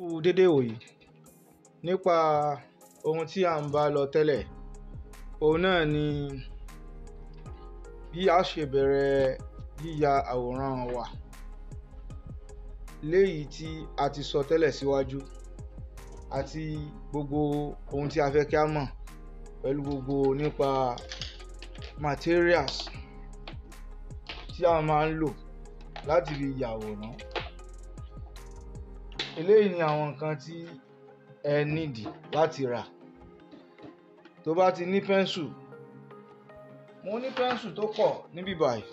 kú dédé ìwòyí nípa ohun tí à ń bá lọ tẹ́lẹ̀ òun náà ni bí a ṣe bẹ̀rẹ̀ yíya àwòrán wa léyìí tí a ti sọ tẹ́lẹ̀ síwájú àti gbogbo ohun tí a fẹ́ kí a mọ̀ pẹ̀lú gbogbo nípa materials tí a máa ń lò láti fi yàwòrán. No? Eléyìí ni àwọn nǹkan tí ẹ need láti rà. Tó bá ti ní pẹ́nsù, mo ní pẹ́nsù tó pọ̀ níbí báyìí.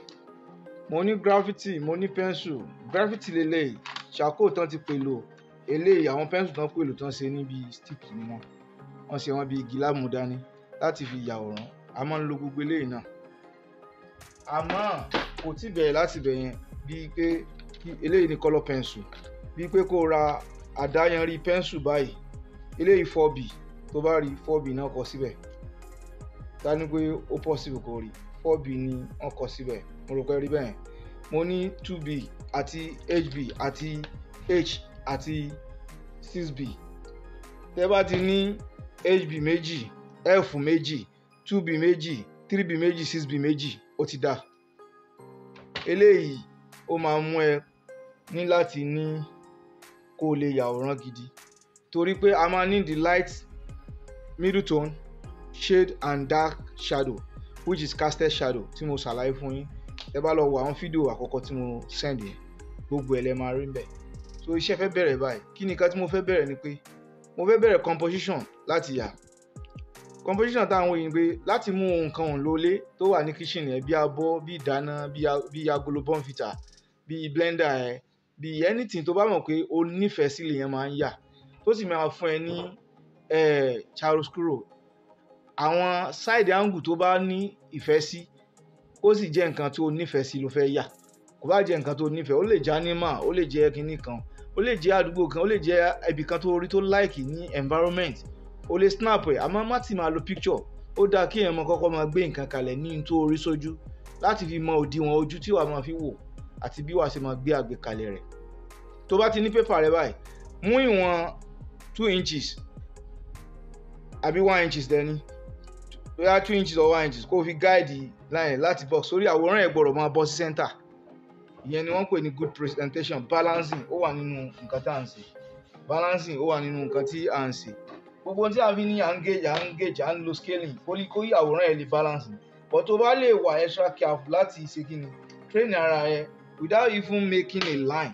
Mo ní gírafítì, mo ní pẹ́nsù. Gírafítì leléyìí, charcoal tán ti pèlò. Eléyìí àwọn pẹ́nsù tán pèlò tán ṣe níbi stick ni wọ́n. Wọ́n ṣe wọ́n bí igi lámúdání láti fi yàwòrán. A máa ń lo gbogbo eléyìí náà. Àmọ́ kò tíì bẹ̀rẹ̀ láti ibẹ̀ yẹn bíi pé eléyìí ni colour pencil bíi pé kó ra àdáyanrí pẹ́ńsù báyìí eléyìí fọ́ọ̀bì tó bá rí fọ́ọ̀bì náà kọ síbẹ̀ ta ni pé ó pọ́sibù kò rí fọ́ọ̀bì ni wọ́n kọ síbẹ̀ mo rò pé rí bẹ́ẹ̀ mo ní two b àti hb àti h àti six b tẹ́ bá ti ní hb méjì f méjì two b méjì three b méjì six b méjì ó ti dá eléyìí ó máa mú ẹ ní láti ní. Ni kó o lè yàwòrán gidi torí pé a máa need the light middle tone shade and dark shadow which is casted shadow tí mo ṣàlàyé fún yín ẹ bá lọ wo àwọn fídíò àkọ́kọ́ tí mo send yẹn gbogbo ẹ̀ lẹ máa rí bẹ́ẹ̀ so iṣẹ́ fẹ́ bẹ̀rẹ̀ báyìí kí ni nǹkan tí mo fẹ́ bẹ̀rẹ̀ ni pé mo fẹ́ bẹ̀rẹ̀ composition láti yà composition táwọn òyìn pé láti mú nǹkan òun lólé tó wà ní kitchen yẹn bí abọ́ bí ìdáná bí agolo bonfita bí blender yẹn bí anything tó bá mọ̀ pé o nífẹ̀ẹ́ sí lèyàn máa ń yà tó sì máa fún ẹ ní charoscuro àwọn side angle tó bá ní ìfẹ́ sí kó sì jẹ́ nǹkan tó nífẹ̀ẹ́ sí ló fẹ́ yà kò bá jẹ́ nǹkan tó nífẹ̀ẹ́ ó lè jẹ́ animal ó lè jẹ́ kinní kan ó lè jẹ́ àdúgbò kan ó lè jẹ́ ibì kan tó rí tó like ní environment o lè snap ẹ̀ àmọ́ má ti máa lo picture ó dáa kí èèyàn mọ kọ́kọ́ máa gbé nǹkan kalẹ̀ ní n tó orí sójú láti fi mọ òdiwọ̀n ojú tí wàá máa fi wò àti bí wàá ṣe máa gbé àgbékalẹ̀ rẹ̀ tó bá ti ní pépà rẹ báyìí mú ìwọ̀n two inches àbí one inches dẹni bóyá two inches or one inches kó o fi gáàdì line láti box sórí àwòrán ẹ̀ gbọ́dọ̀ máa bọ́ sí center ìyẹn ni wọ́n ń pè ní good presentation balancing ó wà nínú nǹkan tá à ń ṣe balancing ó wà nínú nǹkan tí à ń ṣe gbogbo tí a fi ní à ń gauge à ń gauge à ń lo scaling kórí àwòrán ẹ̀ lè balance but tó bá lè wà extra careful láti ṣe kí ni train ara ẹ̀ without even making a line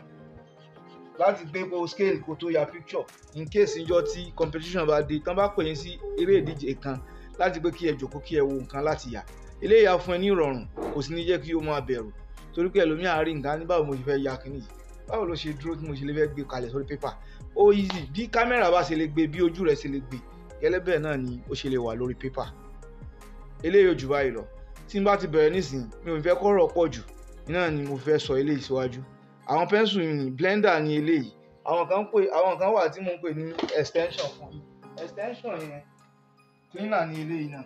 láti gbé bó scale kó tó ya picture in case ìjọ tí competition bá dé tán bá pè yín sí eré ìdíje kan láti pé kí ẹ jókòó kí ẹ wo nǹkan láti yà eléyìí á fún ẹ ní ìrọ̀rùn kò sì ní jẹ́ kí o máa bẹ̀rù torí pé ẹlòmíì á rí nǹkan ní báwo mo ṣe fẹ́ ya kínní yìí báwo ló ṣe dúró tí mo ṣe lè fẹ́ gbé kalẹ̀ sórí pépà ó easy bí kámẹ́rà bá ṣe lè gbé bí ojú rẹ̀ ṣe lè gbé gẹ́lẹ́ bẹ́ẹ̀ náà ni ó ṣe lè wà lórí pépà eléyìí ò jù báyìí lọ tí n bá ti bẹ̀rẹ̀ nísìnyí mi ò fẹ́ kọ́rọ̀ pọ̀ jù náà ni mo fẹ́ sọ eléyìí síwájú àwọn pẹ́ńsù yìnyín blender ni eléyìí àwọn kan pè àwọn kan wà tí mo pè ní extension fún yìí extension yẹn cleaner ni eléyìí náà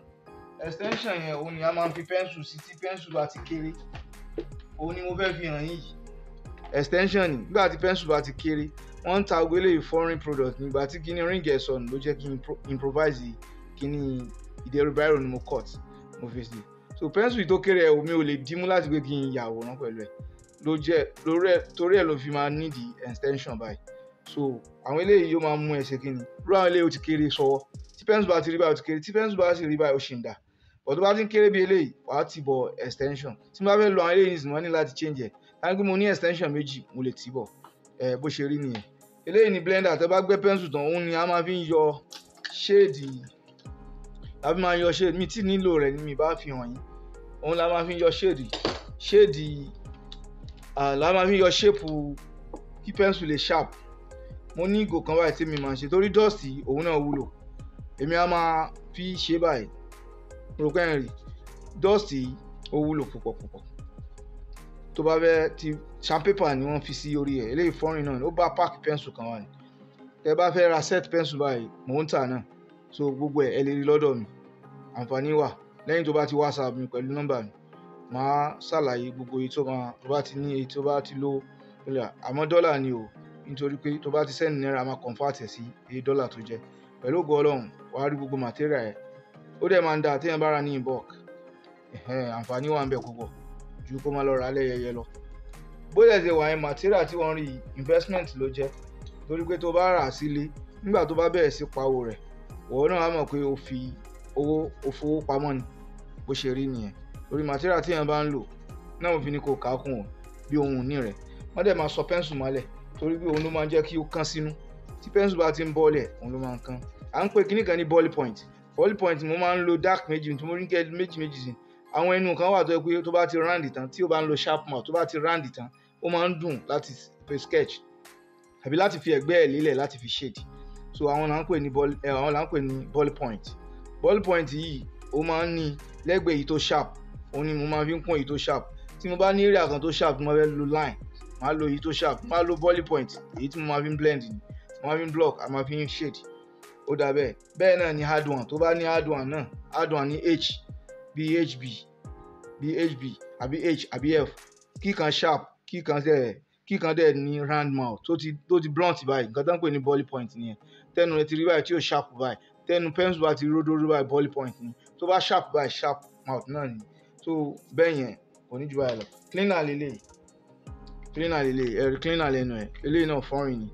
extension yẹn òun ni a máa ń fi pẹ́ńsù sí tí pẹ́ńsù bá ti kéré òun ni mo fẹ́ fi hàn yìí extension ni nígbà tí pẹ́ńsù bá ti kéré wọ́n ń ta ogun eléyìí foreign product nígbà tí kíní ríǹgì ẹ̀sọ́ ló jẹ́ kí n improvise kíní ìdẹ́rùbáìrò ni mo cut mo fi sí so pẹ́ńsù tó kéré ẹ̀ omi ò lè dímú láti pé kí n yàwòrán pẹ̀lú ẹ̀ ló jẹ́ lórí ẹ̀ torí ẹ̀ ló fi máa nídi extension báyìí so àwọn eléyìí yóò máa mú ẹ ṣe kí ni irú àwọn eléyìí ó ti kéré sọ́wọ́ tí pẹ́ńsù bá ti rí báyìí ó ti kéré tí pẹ́ńsù bá sì rí báyìí ó ṣì ń dà bọ̀ tó bá ti ń kéré bí eléyìí wàá ti bọ̀ extension tí mo bá fẹ́ lo àwọn eléyìí nìsín mo ní láti change ẹ̀ láti pé mo ní extension méjì mo lè tì bọ̀ ẹ bó ṣe rí nìyẹn eléyìí ni blender tó bá gbé pẹ́ńsù tán òun ni a máa fi ń yọ ṣéèdì tàbí máa yọ shade mi tí nílò rẹ̀ ni mi bá fi hàn yín òun la máa fi yọ shade shade la máa fi yọ shape kí pẹ́ńsù lè sharp mo ní ìgò kan báyìí tí mi máa ń ṣe torí dust òun náà wúlò èmi á máa fi ṣe báyìí rò pé ń rí dust ó wúlò púpọ̀ púpọ̀ tó bá fẹ́ ti sandpaper ni wọ́n fi sí orí ẹ̀ eléyìí fọ́nrin náà ó bá pack pẹ́ńsù kan wà ní tẹ́ bá fẹ́ ra set pẹ́ńsù báyìí mò ń tà náà so gbogbo ẹ̀ ẹ lè rí lọ́dọ̀ mi àǹfààní wà lẹ́yìn tó bá ti whatsapp mi pẹ̀lú nọ́mbà mi màá ṣàlàyé gbogbo èyí tó máa tó bá ti ní èyí tó bá ti lò dọ́là àmọ́ dọ́là ni o nítorí pé tó bá ti sẹ́ni náírà máa convert ẹ̀ sí èyí dọ́là tó jẹ́ pẹ̀lú ògo ọlọ́run wàá rí gbogbo material ẹ̀ ó dẹ̀ máa ń da àtẹ̀yìn bára ní in àǹfààní wà ń bẹ púpọ̀ ju kó máa lọ rà á lẹ́yẹyẹ lọ bóyá ẹ̀sẹ̀ wà yẹn material tí wọ́n rí investment ló jẹ́ torí pé tó bá rà á sílé nígbà tó bá bẹ̀rẹ̀ sí pawó rẹ̀ òun náà á mọ̀ pé o fi owó o fowó pamọ́ ni bó ṣe rí nìyẹn lórí material tí èèyàn bá ń lò náà mo fi ni kò kà á kún o bí ohun ìní rẹ̀ wọ́n dẹ̀ máa sọ pẹ́ǹsù mọ́lẹ̀ torí pé òun ló máa ń jẹ́ kí ó kán sínú tí pẹ́ǹsù bá ti ń bọ́ọ̀lẹ̀ òun ló máa ń kán à ń pè kíní kan ní ball point ball point mo máa ń lo dark méjì tó mo rí kẹ́ méjì méjì sí àwọn ẹnu kan wà tó yẹ pé tó bá ti round tán tí o bá ń lo sharp mouth tó bá ti round tán ó máa ń dùn láti pe sketch àbí láti fi ẹ̀gbẹ́ ẹ̀ lélẹ̀ láti fi shade so àwọn là ń pè ní ball eh, àwọn là ń pè ní ball point ball point yìí ó máa ń ní lẹ́gbẹ̀ẹ́ èyí tó sharp òun ni mo máa fi ń kún èyí tó sharp tí mo bá ní area kan tó sharp mo fẹ́ lo line màá lo èyí tó sharp màá lo volley point èyí tí mo máa fi ń blend ni mo máa fi ń block àmọ́ fi ń shade ó dà bẹ́ẹ̀ bẹ́ẹ̀ náà ni hard one tó bá ní hard one náà hard one ní h bí hb bí hb àbí h àbí f kíkan sharp kíkan dẹ̀ kíkan dẹ̀ ní round mouth tó ti tó ti blunt báyìí nǹkan tó ń pè ní volley point nìyẹn tẹnu rẹ ti rí báyìí tí ò sharp báyìí tẹnu pencil bá ti rí ródó rí báyìí ball point ni tó bá sharp báyìí sharp mouth náà ni so bẹ́ẹ̀ yẹn kò ní ju báyìí lọ cleaner lélẹ̀ cleaner lélẹ̀ ẹ̀rí cleaner lẹ́nu ẹ̀ eléyìí náà fọ́rin ni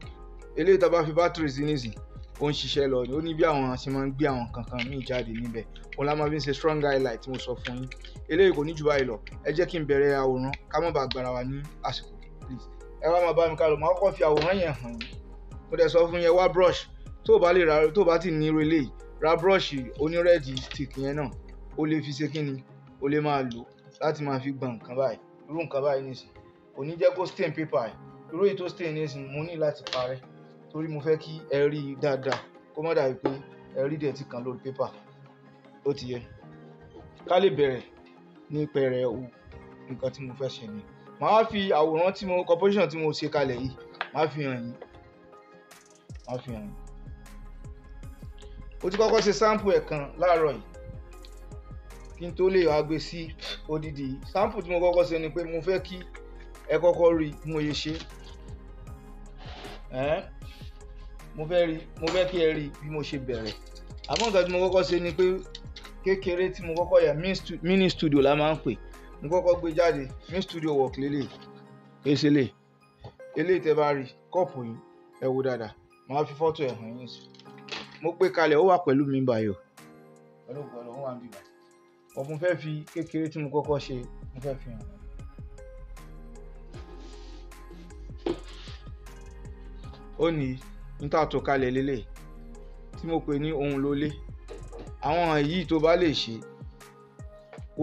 eléyìí tá a bá fi battery sí nísìn ó ń ṣiṣẹ́ lọ ó ní bí àwọn àṣẹ máa ń gbé àwọn kankan míì jáde níbẹ̀ òun la máa fi ń ṣe strong highlight light mo sọ fún yín eléyìí kò ní ju báyìí lọ ẹ jẹ́ kí n bẹ̀rẹ̀ àwòrán ká má bàa gbára wa ní àsìkò please ẹ wá máa bá mi ká lọ màá kọ́kọ́ fi àwòrán yẹn hàn yín mo dẹ̀ sọ fún yín wá brush tó o bá lè ra tó bá ti ní irú eléyìí ra búrọ̀ṣì onírẹ́ẹ̀dì stick yẹn náà o lè fi ṣe kí ni o lè máa lò láti máa fi gbọ̀n nǹkan báyìí irú nǹkan báyìí nìsín kò ní jẹ́ kó stain paper yìí irú èyí tó stain nìsín mo ní láti parẹ́ torí mo fẹ́ kí ẹ rí i dáadáa kó má dàbí pé ẹ rí dẹ̀ ti kàn lórí paper ó ti yẹ ká lè bẹ̀rẹ̀ ní pẹ̀rẹ̀ o nǹkan tí mo fẹ́ ṣe ni màá fi àwòrán tí mo composition tí mo ṣe kalẹ̀ yìí màá fi hàn yín màá fi hàn yín ó ti kọ́kọ́ ṣe sample ẹ̀ kan láàárọ̀ yìí kí n tó lè wá gbé sí odidi sample tí mo kọ́kọ́ ṣe ni pé mo fẹ́ kí ẹ kọ́kọ́ rí mo yẹ ṣe mo fẹ́ rí mo fẹ́ kí ẹ rí bí mo ṣe bẹ̀rẹ̀ àmọ́ nǹkan tí mo kọ́kọ́ ṣe ni pé kékeré tí mo kọ́kọ́ yẹ mini studio la máa ń pè mo kọ́kọ́ gbé jáde mini studio work lélẹ̀ èsèlè eléyìí tẹ́ bá rí kọ́ọ̀pù yìí ẹ wo dáadáa màá fi fọ́tò ẹ̀ hàn yín sí i mo gbé kalẹ̀ ó wà pẹ̀lú mi báyò pẹ̀lú pẹ̀lú ó wà ń bíbá ọ̀bùn fẹ́ fi kékeré tí mo kọ́kọ́ ṣe mo fẹ́ fi hàn. ó ní níta tó kalẹ̀ lélẹ̀ tí mo pè ní ohun lólé àwọn yìí tó bá lè ṣe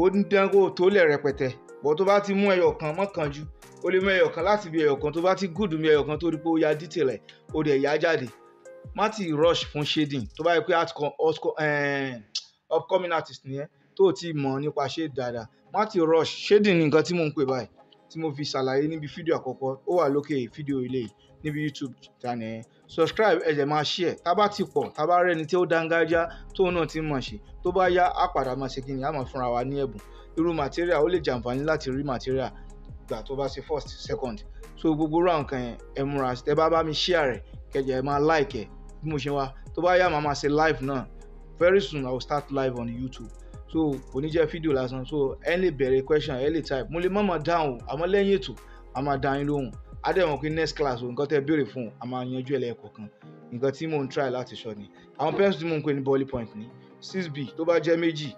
ó ń dánwò tó lẹ̀ rẹpẹtẹ bọ́ tó bá ti mú ẹyọ kan mọ́kànjú ó lè mú ẹyọ kan láti bí ẹyọ kan tó bá ti gùdù mí ẹyọ kan tó rí pé ó ya dítì ó dẹ̀ yá jáde má rush fún shading tó bá yẹ pé eh, upcoming artist nìyẹn tó o ti mọ̀ nípa shade dáadáa má ti rush shading ni nǹkan tí mo ń pè báyìí tí mo fi ṣàlàyé níbi fídíò àkọ́kọ́ ó wà lókè fídíò ilé níbi YouTube channel yẹn subscribe ẹ jẹ́ máa share tá a bá ti pọ̀ tá a bá rẹ́ni tí ó dángájá tóun náà ti mọ̀ ṣe tó bá yá á padà máa ṣe kíni á máa fúnra wa ní ẹ̀bùn irú material ó lè jàǹfààní láti rí material gbà tó bá ṣe first second so gbogbo round kan yẹn ẹ múra ẹ bá bá mi share rẹ̀ kẹjẹ ẹ máa like ẹ bí mo ṣe wá tó bá yá màá máa ṣe live náà very soon i will start live on youtube so kò ní jẹ́ fídíò lásán so any lè question any type mo lè má máa dáhùn àmọ́ lẹ́yìn ètò a máa dá yín lóhùn adéwọ̀n pé next class o nǹkan tẹ́ béèrè fún a máa yanjú ẹ̀ lẹ́ẹ̀kọ̀ọ̀kan nǹkan tí mò ń try láti sọ ni àwọn pens tí mò ń pè ní bọ́ọ̀lì point ni six b tó bá jẹ́ méjì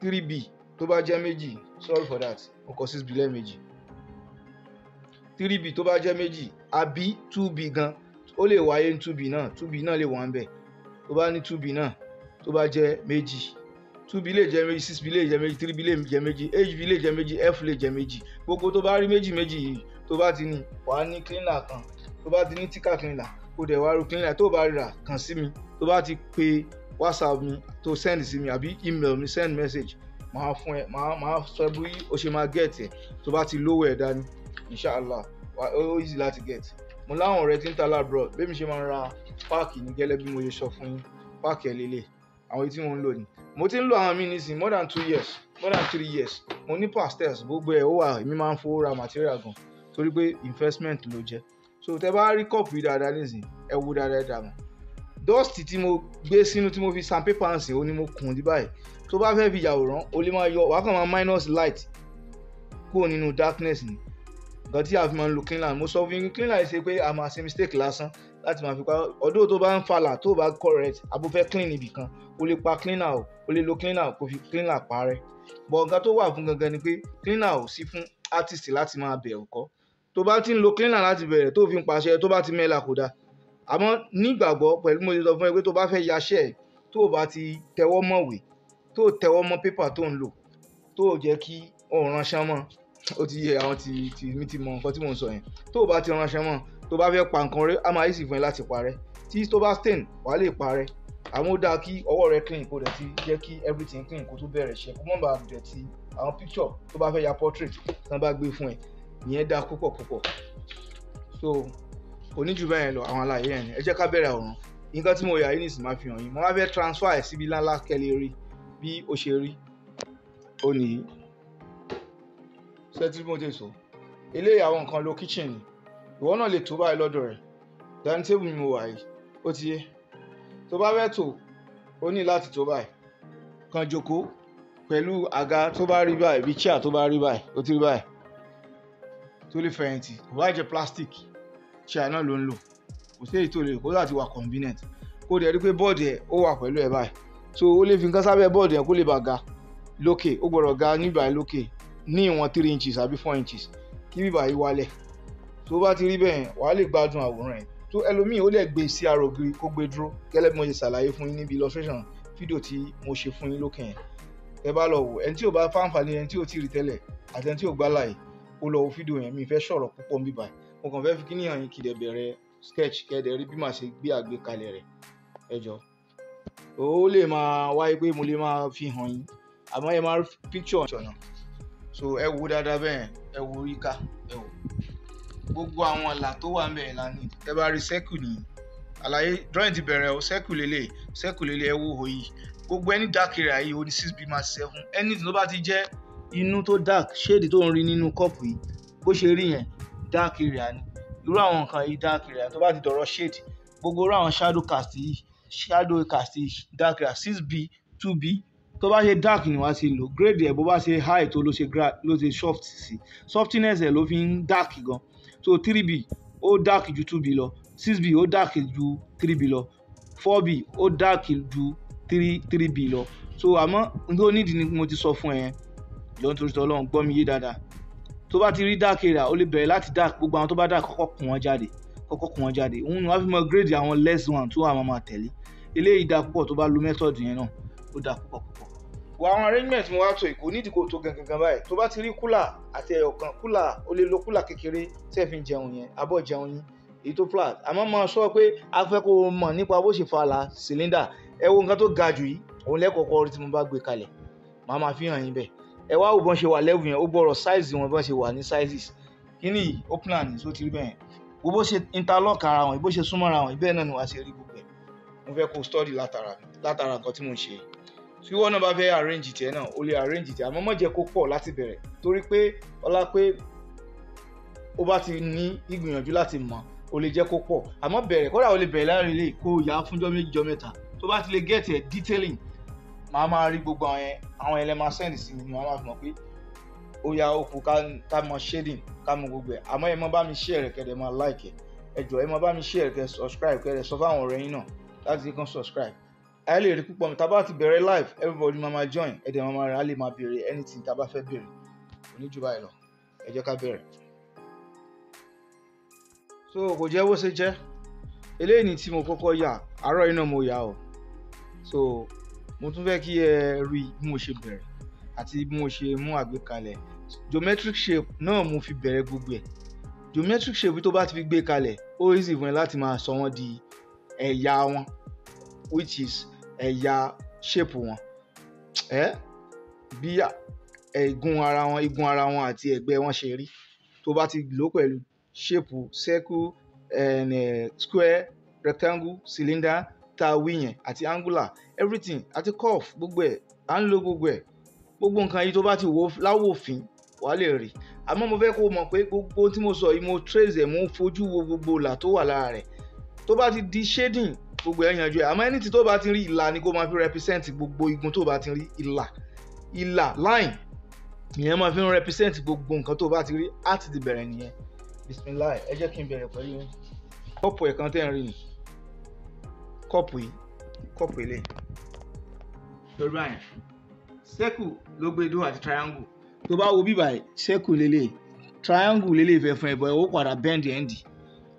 three b tó bá jẹ́ méjì sorry for that mo kọ six b lẹ́ẹ̀mejì three b tó bá jẹ́ méjì àbí two b gan-an ó lè wáyé ní two b náà two b náà lè wà ń bẹ̀ tó bá ní two b náà tó bá jẹ́ méjì two b lè jẹ́ méjì six b lè jẹ́ méjì three b lè jẹ́ méjì eight lè jẹ́ méjì f lè jẹ́ méjì gbogbo tó bá rí méjì méjì yìí tó bá ti ní wàá ní cleaner kan tó bá ti ní tíkà cleaner kó dẹ̀ wá ru cleaner tó bá rà kàn sí mi tó bá ti pe whatsapp mi tó send sí mi àbí email mi send message màá fún ẹ màá màá sọ bí o ṣe máa get ẹ tó bá ti lówó ẹ dání inshallah ó easy láti get mo láwọn ọ̀rẹ́ tí ń ta labroad bẹ́ẹ̀ mi ṣe máa ń ra páàkì ní gẹ́lẹ́ bí mo ṣe sọ fún yín páàkì ẹ̀ àwọn tí mo ń lò ní mo ti ń lo àwọn mi nísìn more than two years more than three years mo ní pastels gbogbo ẹ̀ ó wà èmi máa ń fowó ra material gan torí pé investment ló jẹ́ so tẹ bá rí cup yìí dáadáa nísìn ẹ wo dáadáa dàmú dust tí mo gbé sínú tí mo fi sandpaper hàn sí ó ní mo kùn dí báyìí tó bá fẹ́ fi yàwòrán o lè máa yọ wákàn máa minus light kúrò nínú darkness ni nǹkan tí a fi máa ń lo cleaner mo sọ fún yín cleaner ṣe pé a máa ṣe mistake lásán láti máa fi pa ọdún tó bá ń falà tó bá correct abó fẹ́ clean ibì kan o lè pa cleaner o o lè lo cleaner kó fi cleaner parẹ́ bọ̀ nǹkan tó wà fún gangan ni pé cleaner ò sí fún artist láti máa bẹ̀rù kọ́ tó bá ti ń lo cleaner láti bẹ̀rẹ̀ tó fi ń pàṣẹ tó bá ti mẹ́la kò dáa àmọ́ nígbàgbọ́ pẹ̀lú mo ti sọ fún ẹ pé tó bá fẹ́ yaṣẹ́ tó bá ti tẹwọ́ mọ̀wé tó tẹwọ́ mọ́ pépà tó ń lò tó jẹ́ kí ọ̀ràn ṣánmọ́ ó ti yẹ àwọn ti ti mi ti mọ nǹkan tí mò ń sọ yẹn tó o bá ti ránṣẹ́ mọ́ tó o bá fẹ́ pa nǹkan rẹ á máa yí sí fún ẹ láti parẹ́ tí tó bá stain wàá lè parẹ́ àmọ́ ó dáa kí ọwọ́ rẹ clean kó dẹ̀ ti jẹ́ kí everything clean kó tó bẹ̀rẹ̀ ṣe kó mọ̀ bá dẹ̀tí àwọn picture tó bá fẹ́ ya portrait tí wọ́n bá gbé fún ẹ ìyẹn dáa púpọ̀ púpọ̀ so kò ní jù bẹ́ẹ̀ lọ àwọn àlàyé yẹn ni ẹ jẹ́ ká bẹ̀rẹ̀ àwòrán nǹkan tí mo yà yìí nìsín máa fi hàn yín mo máa fẹ́ transfer ẹ̀ síbi ńláńlá kẹ́lẹ́ rí bí ó ṣe rí ó nìyí ṣẹ́tí mo dé so eléyìí àwọn nǹkan lo kitchen ni ìwọ náà lè tó báyìí lọ́dọ̀ rẹ̀ dining table mi mo wà yìí ó ti yé tó bá fẹ́ tò ó ní láti tó báyìí kàn jókòó pẹ̀lú àga tó bá rí báyìí bíi chair tó bá rí báyìí ó ti rí báyìí tó lè fẹ̀yìntì kò bá jẹ́ plastic chair náà ló ń lò kò sí èyí tó lè kó láti wà convenient kó dẹ̀ rí pé bọ́ọ̀dì ẹ̀ ó wà pẹ̀lú ẹ̀ báyìí so ó lè fi nǹkan sábẹ́ bọ́ọ̀dì ẹ̀ kó lè bàa ga lókè ó gbọ́dọ̀ ga níbàá lókè ní ìwọ̀n three inches àbí four inches kí bíbá yìí wálẹ̀ tó bá ti rí bẹ́ẹ̀ wàá lè gbádùn àwòrán ẹ̀ tó ẹlòmíì ó lè gbé sí ara ògiri kó gbé dúró gẹ́lẹ́ bí mo ṣe ṣàlàyé fún yín níbi illustration fídíò tí mo ṣe fún yín lókè yẹn ẹ bá lọ wò ẹni tí ò bá fáǹfààní ẹni tí ò tí ì rí tẹ́lẹ̀ àti ẹni tí ò gbálàyé ó lọ wo fídíò yẹn mi fẹ́ sọ̀rọ̀ púpọ̀ ń bíbá mo kàn fẹ́ fi kí níyàn yín kìdẹ̀ bẹ̀rẹ̀ sketch kẹ́dẹ̀ rí bí màá ṣe gbé àgbékalẹ̀ rẹ̀ ẹ jọ ó lè máa wáyé pé mo lè máa fi hàn yín àmọ́ ẹ máa picture ọ̀nà so ẹ wo dáadáa bẹ́ẹ̀ ẹ wo ríkà ẹ wo gbogbo àwọn àlà tó wà mẹ́rin la ní ẹ bá rí sẹ́kù ní àlàyé drawing ti bẹ̀rẹ̀ o sẹ́kù lélẹ̀ sẹ́kù lélẹ̀ ẹ wo òyì gbogbo ẹni dark area yìí o ní six bima seven anything tó bá ti jẹ́ inú tó dark shade tó ń rí nínú kọ́ọ̀pù yìí bó ṣe rí yẹn dark area ni irú àwọn nǹkan yìí dark area tó bá ti dọ̀rọ̀ shade gbogbo irú àwọn shadow cast yìí shadow cast yìí dark area six b two b tó bá ṣe dark ni wàá ṣe lò grade ẹ̀ bó bá ṣe high tó ló ṣe ló ṣe soft sí softness ẹ̀ ló fi ń dark gan so three b ó dark ju two b lọ six b ó dark ju three b lọ four b ó dark ju three three b lọ so àmọ́ ní onídìí ni mo ti sọ fún ẹ yẹn lọ́n torí tọ́ lọ́n gbọ́ mi yé dáadáa tó bá ti rí dark area ó lè bẹ̀rẹ̀ láti dark gbogbo àwọn tó bá dark kọ́kọ́ kùn wọ́n jáde kọ́kọ́ kùn wọ́n jáde òun ni wọ́n fi mọ grade àwọn less one tó àwọn máa tẹ̀lé eléyìí dá púpọ̀ tó bá lo method yẹn náà ó dá púpọ̀ púpọ̀ wọ àwọn arrangement mo wá sọ èkó nídìí kò tó gangan gan báyìí tó bá ti rí kúlà àti ẹyọkan kúlà o lè lo kúlà kékeré tẹ́ fi jẹun yẹn abọ́ jẹun yín èyí tó flat àmọ́ máa sọ pé a fẹ́ kó o mọ̀ nípa bó ṣe fàlà cylinder ẹ wo nǹkan tó ga jù yìí òun lẹ́kọ̀ọ́kọ́ rí tí mo bá gbé kalẹ̀ màá máa fi hàn yín bẹ́ẹ̀ ẹ wá wò bọ́n ṣe wà level yẹn ó gbọ́rọ̀ size wọn bọ́n ṣe wà ní sizes kíní yìí ó plan ní tó ti rí bẹ́ẹ̀ wo bó ṣe interlock ara wọn bó ṣe súnmọ́ ara wọn bẹ́ẹ̀ náà ni wàá ṣe rí gbogbo ẹ̀ mo fẹ́ kó study látara látara nǹkan tí mo ń ṣe yìí tí wọn náà bá fẹ́ arrange tiẹ̀ náà o lè arrange tiẹ̀ àmọ́ má jẹ́ kó pọ̀ láti bẹ̀rẹ̀ torí pé ọlá pé o bá ti ní ìgbìyànjú láti mọ̀ o lè jẹ́ kó pọ̀ àmọ́ bẹ̀rẹ̀ kódà o lè bẹ̀rẹ̀ láàrin ilé kó o yà á fúnjọ́ tó bá ti lè get ẹ̀ detailing màá máa rí gbogbo àwọn yẹn àwọn yẹn lè máa send sí mi màá máa fi mọ̀ pé ó yà ó kú ká mọ shading ká mọ gbogbo ẹ̀ àmọ́ ẹ má bá mi share rẹ̀ kẹ́dẹ̀ máa like ẹ̀ ẹ jọ̀ọ́ ẹ má bá mi share rẹ̀ subscribe kẹ́dẹ̀ sọ fáwọn ọ̀rẹ́ yín náà láti kan subscribe ẹ lè rí púpọ̀ tá a bá ti bẹ̀rẹ̀ live everybody máa ma join ẹ dẹ̀ máa ma rìn á lè máa béèrè anything tá a bá fẹ́ béèrè kò ní jù báyìí lọ ẹ ká bẹ̀rẹ̀. so kò jẹ́ bó ṣe jẹ́ eléyìí ni tí mo kọ́kọ́ yà àárọ̀ iná mo yà o so mo tún fẹ́ kí ẹ rí bí mo ṣe bẹ̀rẹ̀ àti bí mo ṣe mú àgbékalẹ̀ geometric shape náà mo fi bẹ̀rẹ̀ gbogbo ẹ̀ geometric shape tó bá ti fi gbé kalẹ̀ ó easy fún ẹ láti máa sọ wọ́n di ẹ̀yà wọn which is ẹ̀yà shape wọn ẹ́ bí ẹ̀gùn ara wọn igun ara wọn àti ẹ̀gbẹ́ wọn ṣe rí tó bá ti lò pẹ̀lú shape circle and, uh, square rectangle cylinder tá a wí yẹn àti angular everything àti curve gbogbo ẹ̀ à ń lo gbogbo ẹ̀ gbogbo nǹkan yìí tó bá ti wò láwòfin wàá lè rí àmọ́ mo fẹ́ kó mọ̀ pé gbogbo tí mo sọ yìí mo trace ẹ̀ mo fojú wo gbogbo là tó wà lára rẹ̀ tó bá ti di shading gbogbo ẹ̀ yanjú ẹ̀ àmọ́ ẹni tí tó bá ti rí ìlà ni kó máa fi represent gbogbo igun tó bá ti rí ìlà ìlà line ìyẹn máa fi represent gbogbo nǹkan tó bá ti rí àti ti bẹ̀rẹ̀ nìyẹn bisimilahi ẹ jẹ́ kí n bẹ̀rẹ̀ pẹ̀lú kọ́ọ̀pù ẹ̀kan tẹ́ ń rí ni kọ́ọ̀pù yìí kọ́ọ̀pù ilé lórí ló gbé dúró àti triangle tó bá wo bíbáyìí circle lélẹ̀ triangle lélẹ̀ ìfẹ́ fún ẹ̀ bọ́ ẹ̀ ó padà bend end yìí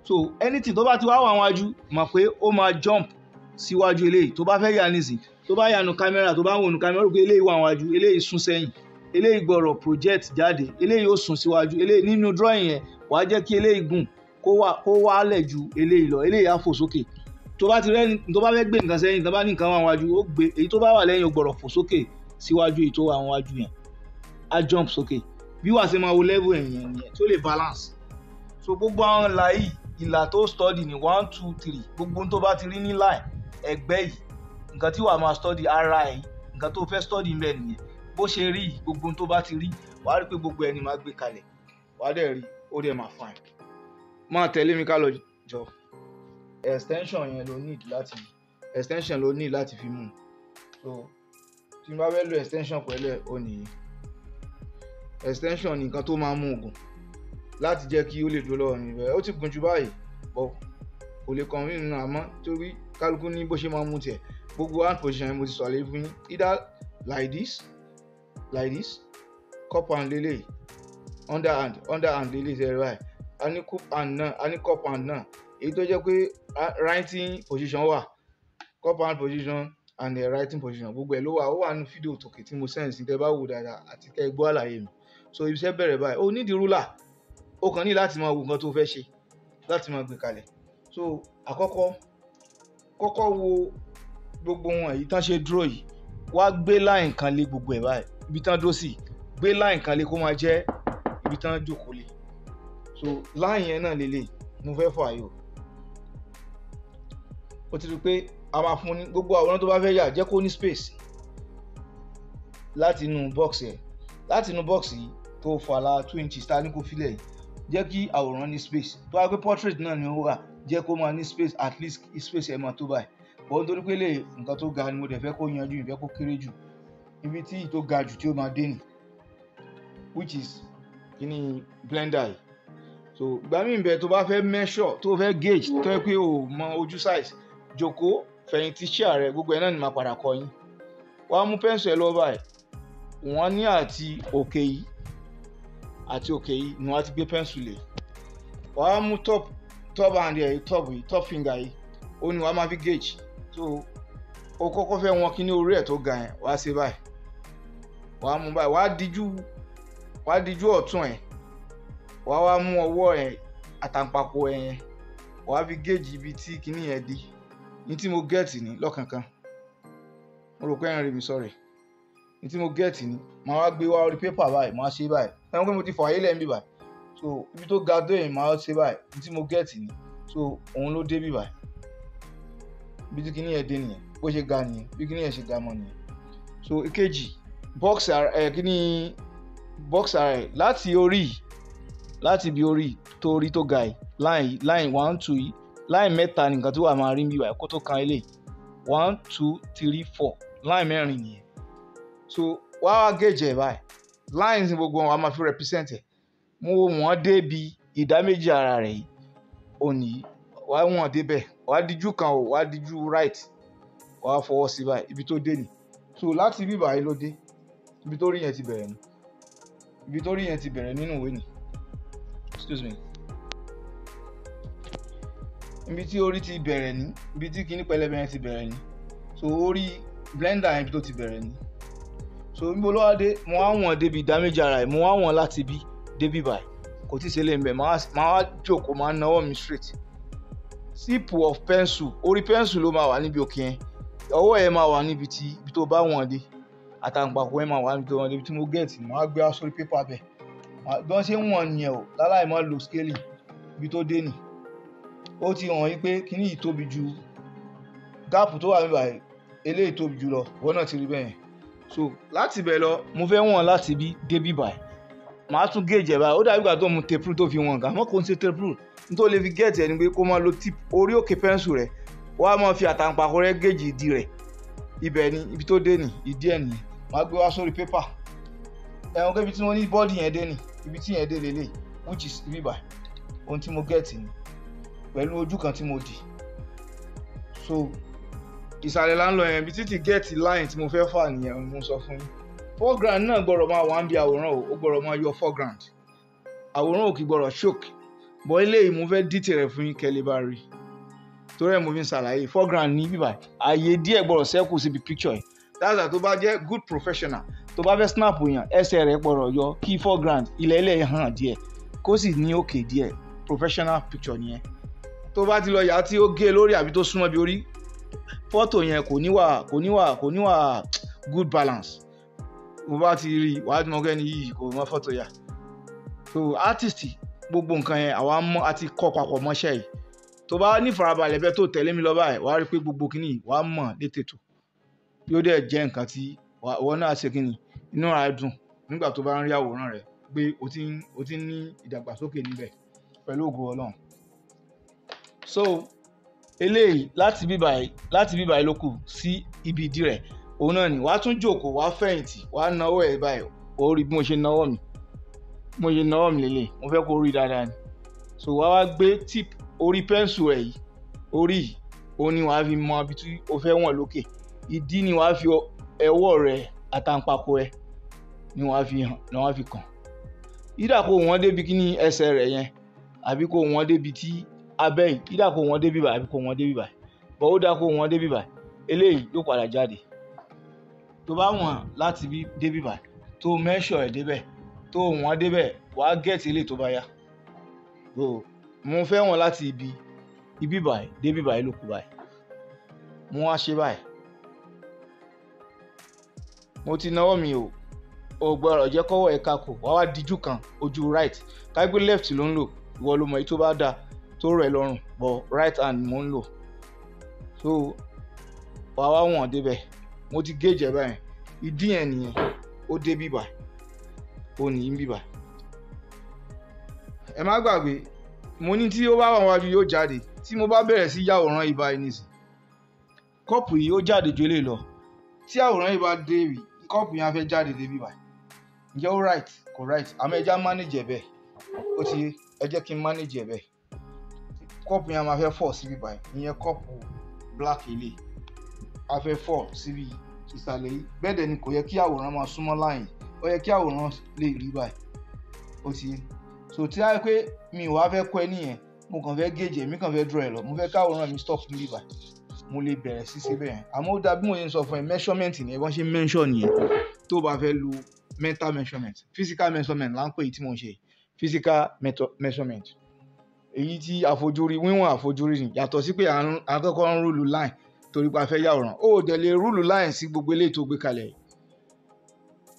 so anything tó bá ti wá wà wájú mọ̀ pé ó máa jump síwájú eléyìí tó bá fẹ́ yà nísìn tó bá yànú kámẹ́rà tó bá wọnú kámẹ́rà ó pé eléyìí wà wájú eléyìí sún sẹ́yìn eléyìí gbọ́rọ̀ project jáde eléyìí ó sún síwájú eléyìí nínú drawing yẹn wàá jẹ́ kí eléyìí gùn kó wà kó wálẹ̀ ju eléyìí lọ eléyìí á fò sókè tó bá ti ni tó bá fẹ́ gbé nǹkan sẹ́yìn tó bá ní nǹkan wà wájú ó gbé èyí tó bá wà lẹ́yìn ó gbọ́rọ̀ fò sókè síwájú èyí tó wà wájú yẹn á jump sókè bí wàá ṣe máa wo level ẹ̀yìn yẹn tó lè balance so gbogbo àwọn làyìí ìlà tó study ní one two three gbogbo tó bá ti rí ní line ẹgbẹ́ yìí nǹkan tí wàá máa study ara ẹ̀ nǹkan tó fẹ́ study mẹ́ nìyẹn bó ṣe rí yìí gbogbo tó bá ti rí wàá rí pé gbogbo ẹni máa gbé kalẹ̀ wàá dẹ̀ rí ó dẹ̀ máa fine máa tẹ̀lé mi ká lọ jọ extension yẹn ló need láti extension ló need láti fi mú so tí n bá fẹ́ lo extension pẹ̀lú ẹ̀ ó nìyí extension nìkan tó máa mú oògùn láti jẹ́ kí ó lè dúró lọ́wọ́ mi ó ti gùn jù báyìí bọ́ kò lè kàn mí nínú àmọ́ torí kálukú ní bó ṣe máa mú tiẹ̀ gbogbo hand position yẹn mo ti sọ̀rọ̀ fún yín either like this like this cup hand lélẹ̀ under hand under hand lélẹ̀ ṣe rẹ̀ a ní cup hand náà a ní cup hand náà èyí tó jẹ́ pé writing position wà cup hand position and the writing position gbogbo ẹ̀ ló wà ó wà nínú fídíò tòkè tí mo sẹ́ǹsì tẹ́ bá wò dáadáa àti kẹ́ gbọ́ àlàyé mi so ibiṣẹ́ bẹ̀rẹ̀ báyìí ó nídìí rúlà ó kàn ní láti máa wo nǹkan tó fẹ́ ṣe láti máa gbé kalẹ̀ so àkọ́kọ́ kọ́kọ́ wo gbogbo wọn èyí tán ṣe dúró yìí wá gbé láì nǹkan lé gbogbo ẹ̀ báyìí ibi tán dúró sí gbé láì nǹkan lé kó máa jẹ́ ibi tán jókòó lé so láì yẹn náà lélẹ̀ mo fẹ́ fọ àyò ó ti rí pé a máa fún ní gbogbo àwòrán tó bá fẹ́ yà jẹ́ kó ní space láti inú bọ́ọ̀sì ẹ̀ láti inú bọ́ọ̀sì yìí tó fàlà two inches ta ní kó filẹ̀ yìí jẹ́ kí àwòrán ní space tó wá pé portrait náà ni ó wà jẹ́ kó máa ní space at least space ẹ̀ máa tó báyìí bọ́ nítorí pé lè nǹkan tó ga ni mo dẹ̀ fẹ́ kó yanjú ìfẹ́ kó kéré jù ibi tí tó ga jù tí ó máa dé nì which is kíní blender yìí so ìgbà mi bẹ tó bá fẹ́ measure tó fẹ́ gauge tó yẹ pé o mọ ojú size Joko fẹ̀yìntì chair rẹ gbogbo ẹ̀ náà ni máa padà kọ yín wàá mú pẹ́ńsù ẹ lọ́ọ́ báyìí wọ́n ní àti òkè yìí àti òkè yìí ni wọ́n ti gbé pẹ́ńsù lè wàá mú top top hand ẹ̀ top yìí top finger yìí ó ní wàá máa fi gauge so ó kọ́kọ́ fẹ́ wọn kí ní orí ẹ̀ tó ga yẹn wàá ṣe báyìí wàá mú báyìí wàá díjú wàá díjú ọ̀tún ẹ̀ wàá wá mú ọwọ́ ẹ̀ àtàǹpàpọ̀ ẹ̀ yẹn wàá fi gauge ibi tí kinní yẹn di ní tí mo gẹ̀ẹ́tì ní lọ́kànkan mo rò pé ẹ̀rín mi sọ̀rọ̀ ní tí mo gẹ̀ẹ́tì ni màá wá gbé wá orí pépà báyìí màá ṣe báyìí ẹ̀wọ̀n pé mo ti fààyè lẹ́yìn bíbáyìí so ibi tó ga tó yẹn màá ṣe báyìí ní tí mo gẹ̀ẹ́tì ni so òun ló dé bíbáyìí bí tí kinní yẹn dé nìyẹn bó ṣe ga nìyẹn bí kinní yẹn ṣe ga mọ́ nìyẹn so ìkejì box ẹ kinní box ara ẹ láti orí láti ibi orí tó orí tó ga yìí line line one two yìí line mẹ́ta nìkan tí wàá máa rí bíbáyìí kó tó kan eléyìí one two three four line mẹ́rin nìyẹn so wá wá gèjè báyìí lines ní gbogbo wọn a máa fi represent ẹ̀ mo wo wọ́n débi ìdá méjì ara rẹ̀ yìí òní wá wọ́n débẹ̀ wá díjú kan o wá díjú right wá fọwọ́ sí báyìí ibi tó dé ni so láti ibi báyìí ló dé ibi tó rí yẹn ti bẹ̀rẹ̀ ni ibi tó rí yẹn ti bẹ̀rẹ̀ nínú ìwé ni excuse me ibi tí orí ti bẹ̀rẹ̀ ní ibi tí kinní pẹlẹbẹ ti bẹ̀rẹ̀ ní so orí blender yẹn ibi tó ti bẹ̀rẹ̀ ní so níbo ló wá dé mo wá wọ̀n débi ìdáméjì ara ẹ̀ mo wá wọ̀n láti bí débi báyìí kò tí ì ṣe lè ń máa wá jókòó máa náwó mi straight tip of pencil orí pencil ló máa wà níbi òkè yẹn ọwọ́ ẹ̀ máa wà níbi tí ibi tó bá wọ̀n dé àtàǹpàkò ẹ̀ máa wà níbi tó wọ̀n dé ibi tí mo gẹ̀ẹ́tì mo wá gbé wá sórí pépà bẹ́ẹ̀ bí wọ́n ṣe ń wọ̀n nìyẹn o láláì máa lo scaling ibi tó dé nì ó ti hàn yí pé kíní yìí tóbi ju gáàpù tó wà níbàyí eléyìí tóbi jù lọ ìwọ náà ti rí bẹ́ẹ̀ yẹn so láti bẹ̀ lọ mo fẹ́ wọ̀n láti bí débí báyìí màá tún géèjì ẹ̀ báyìí ó dàbí ìgbà tó mu tepru tó fi wọ̀n nǹkan àmọ́ kò ń ṣe tepru nítorí lè fi gẹ́ẹ̀tì ẹni pé kó máa lo tip orí òkè pẹ́ńsù rẹ̀ wá máa fi àtàǹpàkò rẹ̀ géèjì ìdí rẹ̀ ibẹ̀ ni ibi tó dé ni ìdí ẹ̀ nìyẹn màá gbé wá sórí pépà ẹ̀wọ̀n kébi tí wọ́n ní bọ́ọ̀dì yẹn dé ni ibi tí yẹn dé lélẹ̀ which is ibi báyìí ohun tí mo gẹ́ẹ̀tì ni pẹ̀lú ojú kan tí mo dì so ìsàlẹ̀ láńlọ yẹn bí títí gẹ́ẹ̀tì line tí mo fẹ́ fà nìyẹn mo sọ fún yín foreground náà gbọ́dọ̀ máa wà ń bí àwòrán o ó gbọ́dọ̀ máa yọ foreground àwòrán òkè gbọ́dọ̀ choke bọ́ eléyìí mo fẹ́ dìtẹ̀ rẹ̀ fún yín kẹ́lẹ́ bá rí torí ẹ̀ mo fi ń ṣàlàyé foreground ní bíbá ààyè díẹ̀ gbọ́dọ̀ sẹ́kù síbi picture yìí dáadáa tó bá jẹ́ good professional tó bá fẹ́ snap yàn ẹsẹ̀ rẹ̀ gbọ́dọ̀ yọ kí foreground ilẹ̀ ilẹ̀ hàn díẹ̀ kó sì ní òkè díẹ̀ professional picture nìyẹn tó bá ti lọ yà á tí ó gé lórí àbí tó súnmọ́ bí orí fọ́tò yẹn kò níwà kò níwà kò níwà good balance mo bá ti rí wàá mọ kẹ́ni yìí kò mọ fọ́tò yà so artist gbogbo nǹkan yẹn àwa mọ àti kọ́ papọ̀ mọ́ṣẹ́ yìí tó bá ní farabalẹ̀ bẹ́ẹ̀ tó tẹ̀lé mi lọ báyìí wàá rí pé gbogbo kìíní wàá mọ̀ létètò yóò dẹ̀ jẹ́ nǹkan tí wọ́n náà ṣe kìíní inú ara dùn nígbà tó bá ń rí àwòrán rẹ̀ pé o ti o ní ìdàgbàsókè níbẹ̀ pẹ̀lú ògo Ọlọ́run so eléyìí láti bí báyìí láti bí báyìí ló kù sí ibi ìdí rẹ̀ òun náà ni wàá tún jòkó wàá fẹ̀yìntì wàá náwó ẹ̀ báyìí ó rí bí mo ṣe náwó mi mo ṣe náwó mi lélẹ̀ mo fẹ́ kó rí dáadáa ni so wàá wá gbé tip orí pẹ́ǹsù rẹ̀ yìí orí yìí òun ni wàá fi mọ ibi tí o fẹ́ wọ̀n lókè ìdí ni wàá fi ẹwọ́ rẹ̀ àtàǹpàkò ẹ̀ ni wàá fi hàn ni wàá fi kàn yídà kó wọ́n débi kí ni ẹsẹ̀ rẹ̀ yẹn àbí kó wọ́n débi tí abẹ́yìn ìdá kó wọn dé bíbà àbí kó wọn dé bíbà bọ́ ó dá kó wọn dé bíbà eléyìí yóò padà jáde tó bá wọ̀n láti dé bíbà tó mẹ́ṣọ̀ ẹ̀ débẹ̀ tó wọ̀n débẹ̀ wàá gẹ̀ẹ́tì eléyìí tó bá yá bò mo fẹ́ wọn láti ibi ibi báyìí dé bíbà yìí ló kù báyìí mo wá ṣe báyìí mo ti náwó mi o ò gbọ́dọ̀ ẹ̀ka kò wá wá díjú kan ojú right kágbé left ló ń lò ìwọ ló mọ èyí tó bá dáa tó rẹ̀ lọ́rùn but right hand mo ń lò so wàá wá wọ̀n débẹ̀ mo ti gauge ẹ̀ báyìí ìdí yẹn nìyẹn ó dé bíbà ó ní í bíbà ẹ má gbàgbé mo ní tí ó bá wà wájú yóò jáde tí mo bá bẹ̀rẹ̀ sí yàwòrán ibà yìí nìsín kọ́ọ̀pù yìí ó jáde ju eléyìí lọ tí àwòrán yìí bá dé rí kọ́ọ̀pù yẹn á fẹ́ jáde débi báyìí ǹjẹ́ ó right kò right àmọ́ ẹja manage ẹ̀ bẹ́ẹ̀ ó ti ẹ jẹ́ kí n manage ẹ̀ bẹ́ẹ̀ cup yẹn a máa fẹ́ fọ̀ síbi báyìí ìyẹn cup black eléyìí a fẹ́ fọ̀ síbi ìsàlẹ̀ yìí bẹ́ẹ̀ dẹ̀ ni kò yẹ kí àwòrán máa súnmọ́ láàyè ó yẹ kí àwòrán lè rí báyìí ó ti so tí a yẹ pé mi ò wá fẹ́ kọ́ ẹ nìyẹn mo kàn fẹ́ gèjì èmi kàn fẹ́ draw ẹ lọ mo fẹ́ káwòrán mi stop níbí báyìí mo lè bẹ̀rẹ̀ sí síbẹ̀ yẹn àmọ́ ó dà mo ṣe ń sọ fún ẹ measurement ni ẹ wọ́n ṣe mention nìyẹn tó o bá fẹ́ lo mental measurement physical measurement là ń pè é tí mo ń ṣe physical measurement èyí tí àfojúrí wíwọ̀n àfojúrí ni yàtọ̀ sí pé à ń kọ́kọ́ ń rúlu line torí pé a fẹ́ yàwòrán ó dẹ̀ lè rúlu line sí gbogbo eléyìí tó gbé kalẹ̀ yìí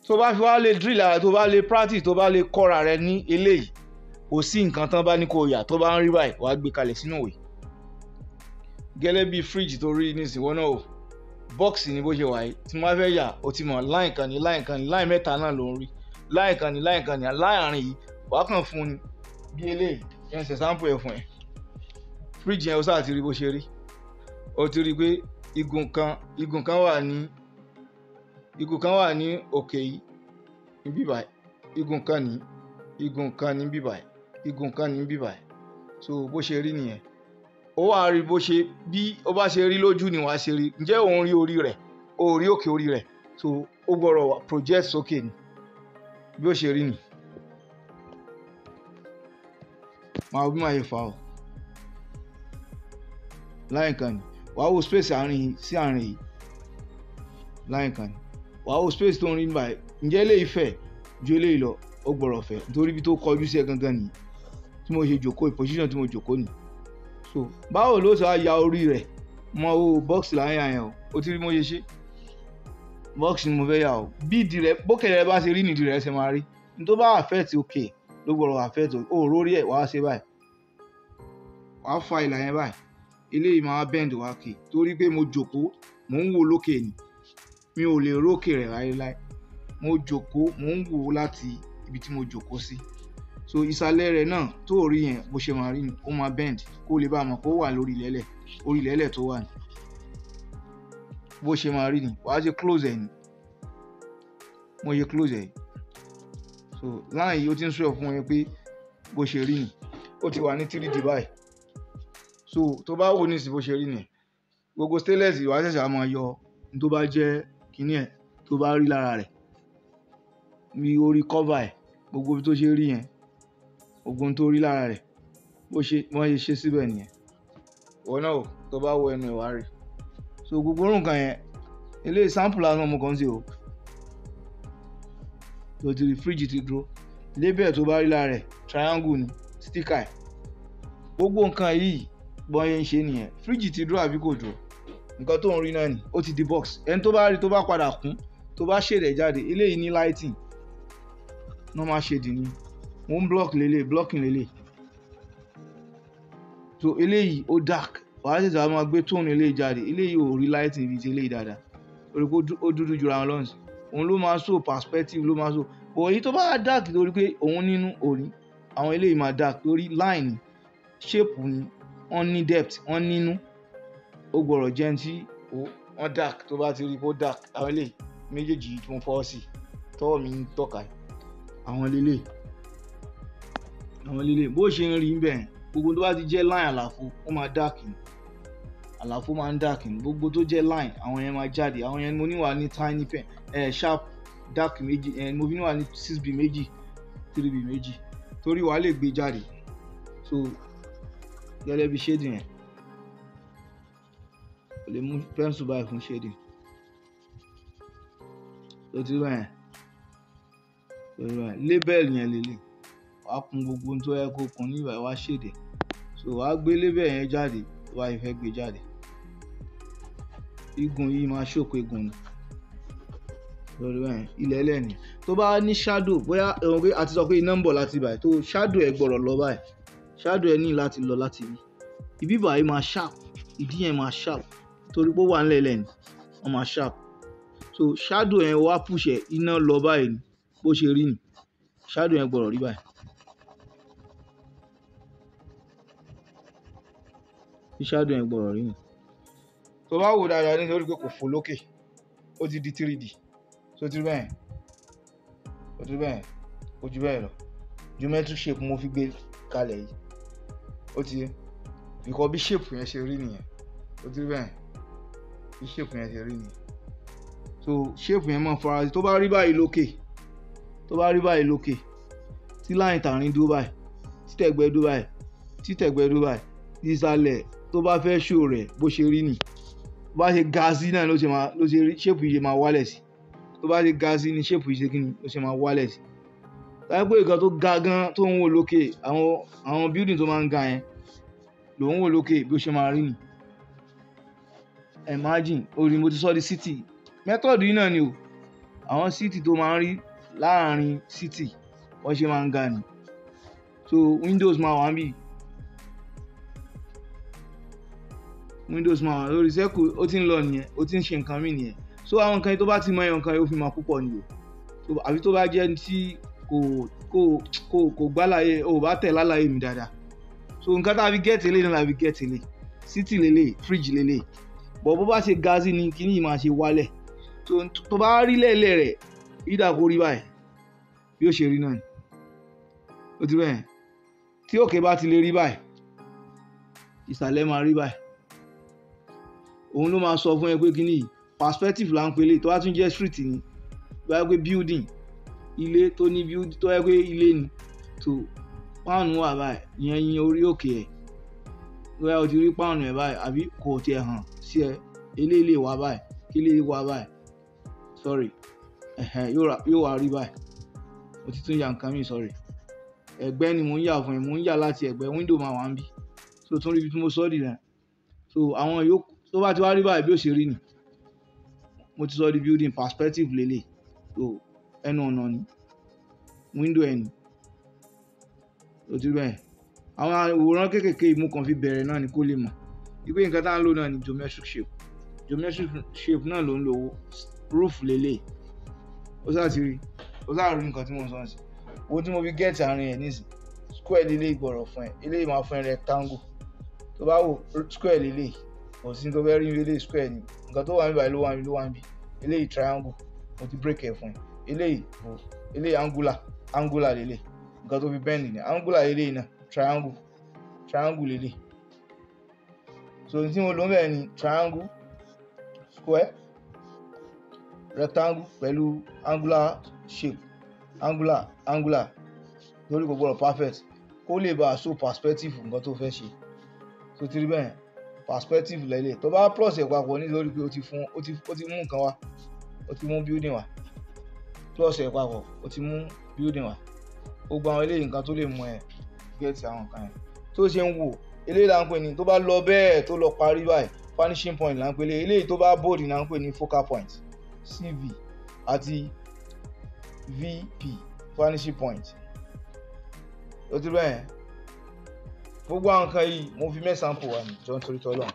tó bá fi wá lè drill ara tó bá lè practice tó bá lè kọ́ra rẹ ní eléyìí kò sí nǹkan tán bá ní kó yà tó bá ń rí báyìí wàá gbé kalẹ̀ sínú òwe gẹ́lẹ́ bíi fridge tó rí nísìnyí wọ́n náà o box ni bó ṣe wà yìí tí wọ́n fẹ́ yà ó ti mọ̀ line kan ní line kan ní line mẹ́ta náà ló ń rí line kan ní line kan ní láàárín yìí wàá kàn fún un bí eléyìí jẹ́ ń ṣe sample ẹ̀ fún ẹ̀ fíríjì yẹn o sáà ti rí bó ṣe rí o ti rí i pé igun kan igun kan wà ní igun kan wà ní òkè yìí ní bíbà igun kan ní igun kan ní bíbà igun kan ní bíbà so bó ṣe rí nìyẹn ó wàá rí bó ṣe bí ó bá ṣe rí lójú ni wàá ṣe rí ǹjẹ́ òun rí orí rẹ̀ ó rí òkè orí rẹ̀ so ó gbọ́dọ̀ project sókè ni bí ó ṣe rí nìyẹn. máa bí máa yẹ fà o láyìn kan ni wàá wo space àárín sí àárín yìí láyìn kan ni wàá wo space tó ń rí níbàyí ǹjẹ́ eléyìí fẹ̀ ju eléyìí lọ ó gbọ́dọ̀ fẹ̀ nítorí ibi tó kọjú sí ẹ gangan nìyí tí mo ṣe jòkó position tí mo jòkó nìyí so báwo ló sọ ya orí rẹ̀ mọ owó bọ́ọ̀sì láyìn àyàn o ó ti rí mo ṣe ṣe bọ́ọ̀sì ni mo fẹ́ yà o bí ìdí rẹ̀ bókè rẹ̀ bá ṣe rí nìdí rẹ̀ ṣe máa rí ní bá affect okay ló gbọ́dọ̀ affect o rórí ẹ̀ wàá ṣe báyìí wàá fa ìlà yẹn báyìí eléyìí máa bend wá kì torí pé mo jókòó mò ń wo lókè ni mi ò lè rókè rẹ̀ láéláé mo jókòó mò ń wo láti ibi tí mo jókòó sí so ìsàlẹ̀ rẹ̀ náà tó rí yẹn bó ṣe máa rí ni ó máa bend kó lè bá a mọ̀ kó wà lórí lẹ́lẹ̀ orí lẹ́lẹ̀ tó wà ní bó ṣe máa rí ni wàá ṣe close ẹ̀ ni mo ṣe close ẹ̀ so láàrin yìí ó ti ń sọ fún yín pé bó ṣe rí ni ó ti wà ní 3D báyìí so tó bá wò ní ìsìn bó ṣe rí ni gbogbo stainless ìwà ṣẹ̀ṣẹ̀ á máa yọ tó bá jẹ́ kíní ẹ̀ tó bá rí lára rẹ̀ bí orí cover ẹ̀ gbogbo ibi tó ṣe rí yẹn gbogbo tó rí lára rẹ̀ bó ṣe wọ́n ṣe ṣe síbẹ̀ nìyẹn wọn náà tó bá wọ ẹnu ẹ̀ wá rí so gbogbo orúkọ yẹn eléyìí sample àwọn ọmọ kan sí o ló ti rí fíríjì ti dúró lébẹ̀ tó bá rí lára rẹ̀ triangle ni stika ẹ̀ gbogbo nǹkan yìí bọ́n yẹn ń ṣe nìyẹn fíríjì ti dúró àbí kò dúró nǹkan tó ń rí náà ni ó ti di box ẹni tó bá rí tó bá padà kún tó bá ṣèdè jáde eléyìí ní lighting normal shade ni mo ń block lélẹ̀ blocking lélẹ̀ so eléyìí ó dark wàá tètè wàá máa gbé tóun eléyìí jáde eléyìí ò rí lighting ibi tí eléyìí dáadáa orí pé dúdú jura wọn lọ́nà òun ló máa show perspective ló máa show but èyí tó bá dark lórí pé òun nínú òní àwọn eléyìí máa dark lórí line shape ni wọ́n ní depth wọ́n nínú ó gbọ́dọ̀ jẹ́ ní tí dark tó bá ti rí kó dark àwọn eléyìí méjèèjì yìí tún fọ́ sí tọ́wọ́ mi ń tọ́ka àwọn lélẹ̀ àwọn lélẹ̀ bó ṣe ń rí bẹ́ẹ̀ gbogbo tó bá ti jẹ́ line àlàfo ó máa dark ni àlàfo máa ń dark ni gbogbo tó jẹ́ line àwọn yẹn máa jáde àwọn yẹn mo níwà ní tiny pen eh, sharp dark méjì eh, mo níwà ní six b méjì three b méjì torí wàá lè gbé jáde so gẹ́gẹ́ bí shading yẹn o lè mú pencil báyìí fún shading tó ti rẹ̀ yẹn tó ti rẹ̀ yẹn label yẹn lélẹ̀ wàá kun gbogbo tó yẹ kó kun nígbà wàá ṣèdè so wàá gbé label yẹn jáde tó bá gbé jáde igun yìí máa ṣòkò igun ni lórí báyìí ilẹ̀ ẹlẹ́ni tó bá ní shadow bóyá ẹ̀rọ pé a ti sọ pé iná ń bọ̀ láti ibà tó shadow ẹ̀ gbọ́dọ̀ lọ báyìí shadow ẹ̀ ní láti lọ láti ibi ibi báyìí máa sharp ìdí yẹn máa sharp torí pé ó wà nílẹ̀ ẹlẹ́ni wọ́n máa sharp so shadow yẹn wá push ẹ̀ iná lọ báyìí ni bó ṣe rí ni shadow yẹn gbọ́dọ̀ rí báyìí. shadow yẹn gbọ́dọ̀ rí ni tó bá wò dáadáa ní lórí pé kò fò lókè ó ti di 3D tó ti rí bẹ́ẹ̀ tó ti rí bẹ́ẹ̀ ó ju bẹ́ẹ̀ lọ geometric shape mo fi gbé kalẹ̀ yìí ó ti nǹkan bí shape yẹn ṣe rí nìyẹn tó ti bẹ́ẹ̀ bí shape yẹn ṣe rí nìyẹn so shape yẹn mọ̀ farasí tó bá rí báyìí lókè tó bá rí báyìí lókè tí láyìn tààrin dubai títẹ̀gbẹ́ dubai títẹ̀gbẹ́ dubai nísàlẹ̀ tó bá fẹ́ ṣò rẹ̀ bó ṣe rí nìyẹn bá ṣe ga sí náà ló ṣe máa ló ṣe ṣépù yìí ṣe máa wálẹ̀ sí tó bá ṣe ga sí ni ṣépù yìí ṣe kí ni ló ṣe máa wálẹ̀ sí láyé pé nǹkan tó ga gan tó ń wò lókè àwọn àwọn building tó máa ń ga yẹn ló ń wò lókè bí ó ṣe máa rí nì imagine orí mo ti sọ di city method yìí náà ni o àwọn city tó máa ń rí láàárín city wọ́n ṣe máa ń ga nì so windows máa wà ń bì windows máa lórí sẹ́kù ó ti ń lọ nìyẹn ó ti ń ṣe nǹkan mí nìyẹn so àwọn nǹkan yìí tó bá ti mọ ẹyọ nǹkan yìí ó fi máa púpọ̀ nìyó so àbí tó bá jẹ́ tí kò kò kò kò gbálàyé ò bá tẹ̀ lálàyé mi dáadáa so nǹkan tá a fi gẹ́ẹ̀tì lé náà la fi gẹ́ẹ̀tì lé sítì lélẹ̀ fíríjì lélẹ̀ bọ̀ bó bá ṣe ga sí ni kíní yìí máa ṣe wálẹ̀ so tó bá rí lẹ́ẹ̀lẹ́ rẹ̀ ìdá kó rí báyìí yóò ṣe rí náà ni ó ti bẹ́ẹ̀ tí òkè bá ti lè rí báyìí ìsàlẹ̀ máa rí báyìí òun ló máa sọ fún ẹ pé kíní yìí perspective là ń pelé tó bá tún jẹ́ street ni tó bá pé building ilé tó ní building tó bá pé ilé ni tó páànù wà báyìí ìyẹn yin orí òkè ẹ̀ bóyá o ti rí páànù ẹ̀ báyìí àbí kò tiẹ̀ hàn sí ẹ eléyìí lè báyìí kí lè báyìí sorry ẹ̀hẹ̀ yóò wá rí báyìí mo ti tún ya nǹkan mi sorry ẹ̀gbẹ́ ni mo ń yà fún ẹ mo ń yà láti ẹ̀gbẹ́ wíńdò máa wà ń bí so tún rí ibi tí mo sọ dìrẹ̀ so àwọn yòókù tó bá ti wá rí báyìí bí ó ṣe rí nì mo ti sọ di building perspective lele, so ẹnu ọ̀nà ni window ẹni ó ti bẹ́ẹ̀ àwọn àwòrán kéékèèké ìmú kan fi bẹ̀rẹ̀ náà ni kó lè mọ̀ wípé nǹkan tá à ń lò náà ni geometric shape geometric shape náà ló ń lo roof lele, ó sáà ti rí ó sáà rí nǹkan tí mo sọ sí owó tí mo fi gẹ́ẹ̀tì àárín ẹ̀ nísìn square lele ìgbọ̀rọ̀ fún ẹ eléyìí máa fún ẹ rectangle tó bá wò square lele. yìí kò sí tó fẹ́ rí eléyìí square ni nǹkan tó wà níbàyí ló wà níbí ló wà níbí eléyìí triangle mo ti break ẹ̀ fún yín eléyìí eléyìí angular angular lélẹ̀ nǹkan tó fi bend ni angular eléyìí náà triangle triangle lélẹ̀ so tí mo lò ń ni triangle square rectangle pẹ̀lú angular shape angular angular lórí kò gbọ́dọ̀ perfect kó lè bá so perspective nǹkan tó fẹ́ ṣe so ti rí perspective lẹ́lẹ̀ tó bá plus ẹ̀ papọ̀ nítorí pé o ti fún o ti o ti mú nǹkan wa o ti mú building wa plus ẹ̀ papọ̀ o ti mú building wa o gba àwọn eléyìí nǹkan tó lè mú ẹ get àwọn nǹkan yẹn tó ṣe ń wò eléyìí là ń pè ní tó bá lọ bẹ́ẹ̀ tó lọ parí báyìí vanishing point là ń pè léyìí eléyìí tó bá bold là ń pè ní focal point CV àti VP finishing point o ti bẹ́ẹ̀ yẹn gbogbo àwọn nǹkan yìí mo fi mẹ́sàn-án pò wá ní jọ́ nítorí tọ́lọ́run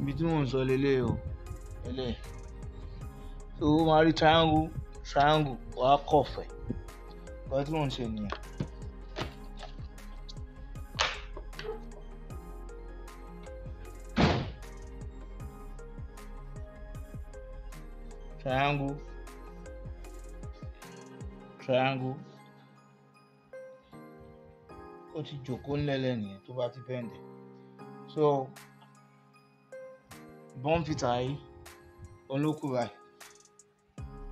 ibi tí mò ń sọ lélẹ̀ o lélẹ̀ so ó máa rí triangle triangle wàá kọ̀fẹ́ nǹkan tí mò ń ṣe nìyẹn. triangle triangle ó ti jòkó ńlẹ̀ lẹ́nìyẹn tó bá ti bẹ́ǹdẹ̀ so bọ́ǹfìtà yìí òun ló kù báyìí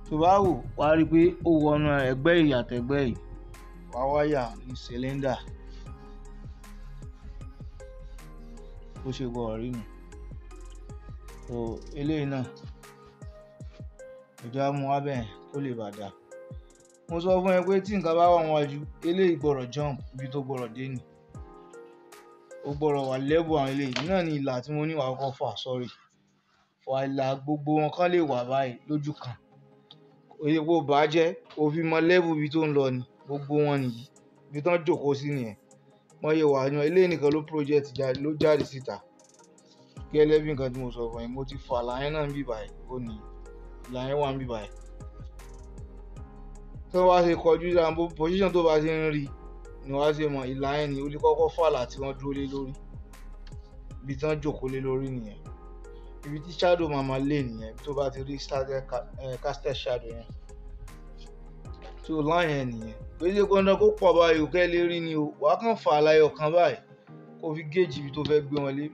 tó bá wò wá rí i pé ó wọnú ẹgbẹ́ yìí àtẹ̀gbẹ́ yìí wá wáyà ní sìlẹ́ńdà bó ṣe gbọ́ rí nù so eléyìí náà ìjọ amú wa bẹ́ẹ̀ kó lè bà dà mo sọ fún ẹ pé tí nǹkan bá wà wájú eléyìí gbọ́dọ̀ jump ibi tó gbọ́dọ̀ dé ni ó gbọ́dọ̀ wà lẹ́bù àwọn eléyìí náà ni ìlà tí mo ní wàá kọ́ fà sọ́rí wàhálà gbogbo wọn kán lè wà báyìí lójú kan èwo bàjẹ́ òfin mọ lẹ́bù ibi tó ń lọ ni gbogbo wọn nìyí ibi tán jòkó sí nìyẹn mọye wà yan ilé nìkan ló project ló jáde síta gẹ́lẹ́ bí nǹkan tí mo sọ fún yín mo ti fọ àlàyé náà ń bì báyìí ó ní àlàyé wà ń bì báyìí tí wọ́n bá ṣe kọjú sáà position tó bá ṣe ń rí ni wọ́n á ṣe mọ ìlànà ni ó lè kọ́kọ́ fàlà tí wọ́n dúró lé lórí ibi tí jòkó lé lórí nìyẹn ibi tí shadow máa máa lé nìyẹn tó bá ti rí eh, eh, casted shadow yẹn tó o ẹ nìyẹn gbèsè gbọ́dọ̀ kó pọ̀ báyìí òkè lè rí ni o wàá kàn fà á láyọ̀ kan báyìí kó fi géèjì ibi tó fẹ́ gbé wọn lé.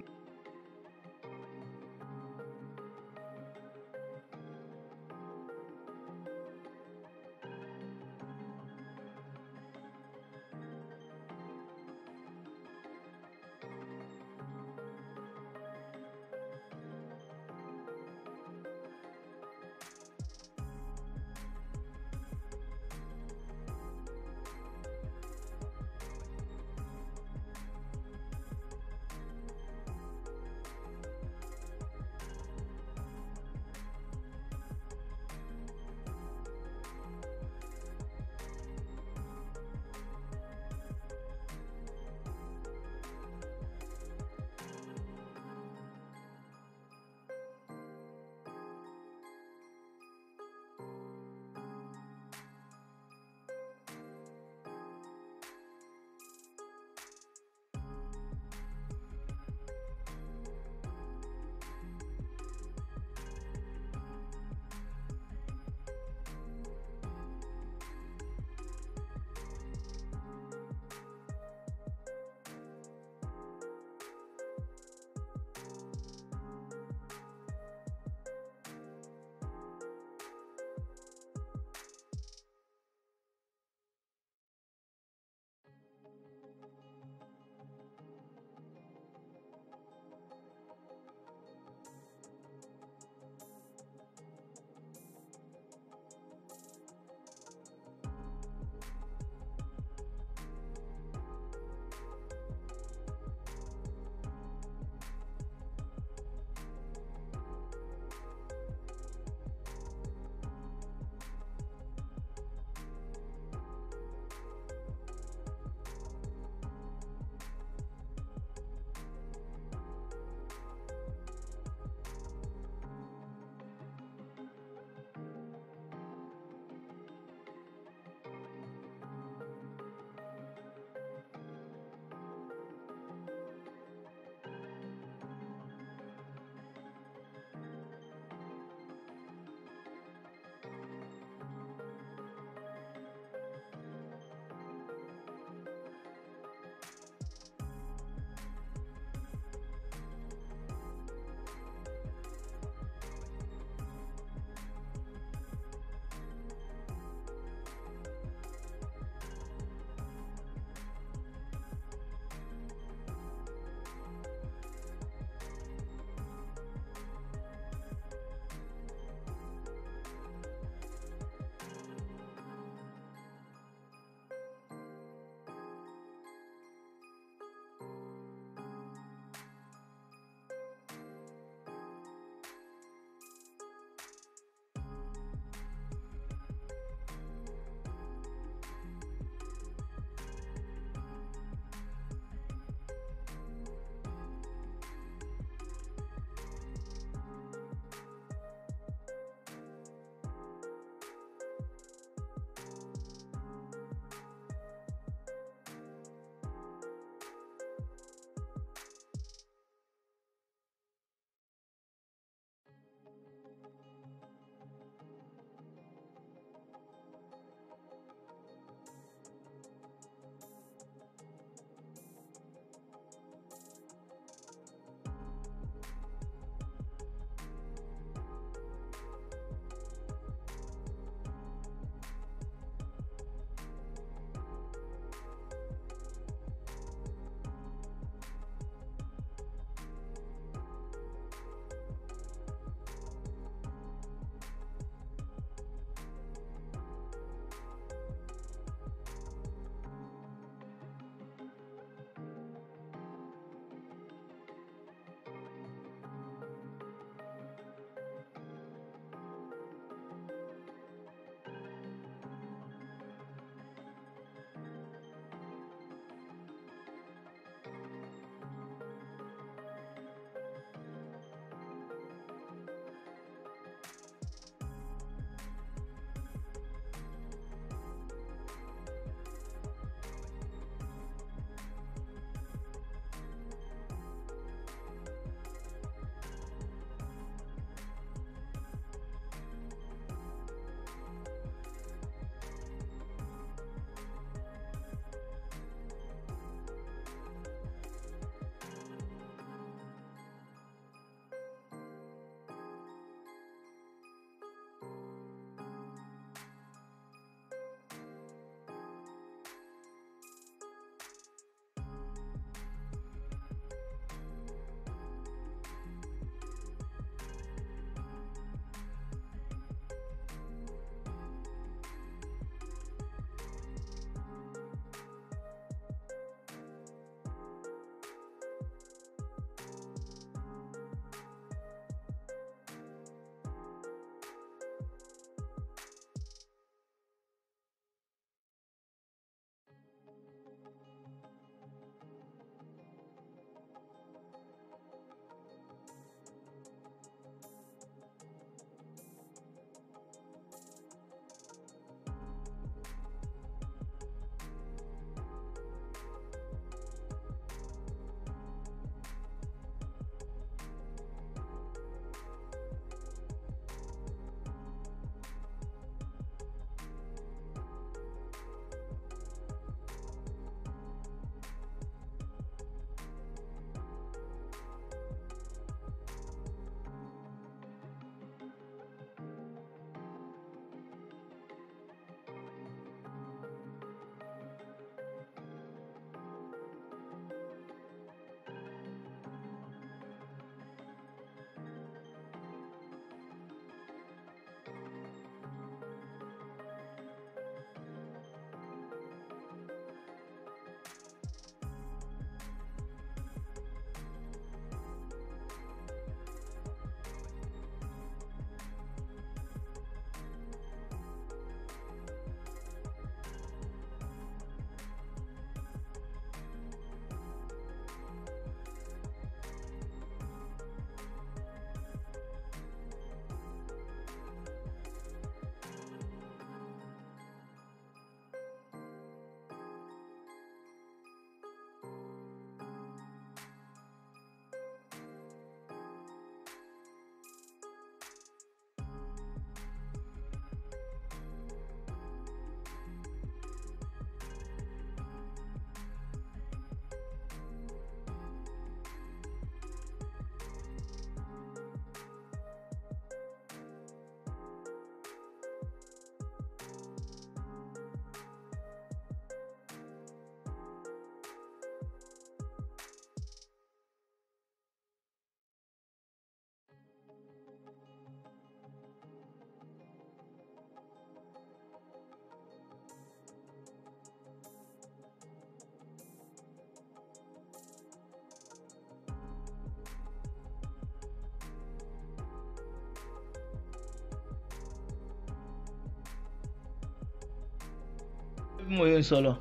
mo yẹ sọ̀rọ̀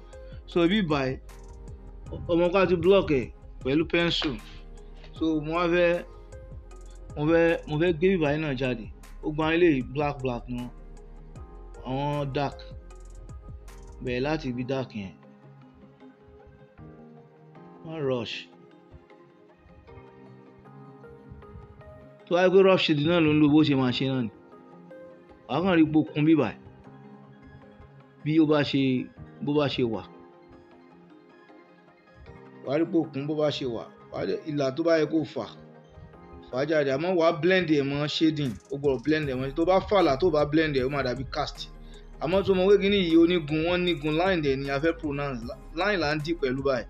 so ibi báyìí ọmọ kan ti block ẹ̀ pẹ̀lú pencil so mo wá fẹ́ mo fẹ́ mo fẹ́ gbé bíbáyìí náà jáde ó gba ilé black black ni wọn àwọn dark bẹ̀rẹ̀ láti ibi dark yẹn wọ́n rush tó wáyé pé rush ṣèdí náà ló ń lo bó ṣe máa ṣe náà ni àwọn kan rí ipò kún bíbáyìí bí ó bá ṣe bó bá ṣe wà. wàá rí kún bó bá ṣe wà ìlà tó bá yẹ kó fà fà á jáde àmọ́ wàá blend ẹ̀ mọ́ shading ó gbọ́dọ̀ blend ẹ̀ mọ́ tó bá fàlà tó bá blend ẹ̀ ó máa dàbí cast àmọ́ tó mọ wé kíní yìí onígun wọ́n nígun line dẹ̀ ni a fẹ́ pronounce line là ń dì pẹ̀lú báyìí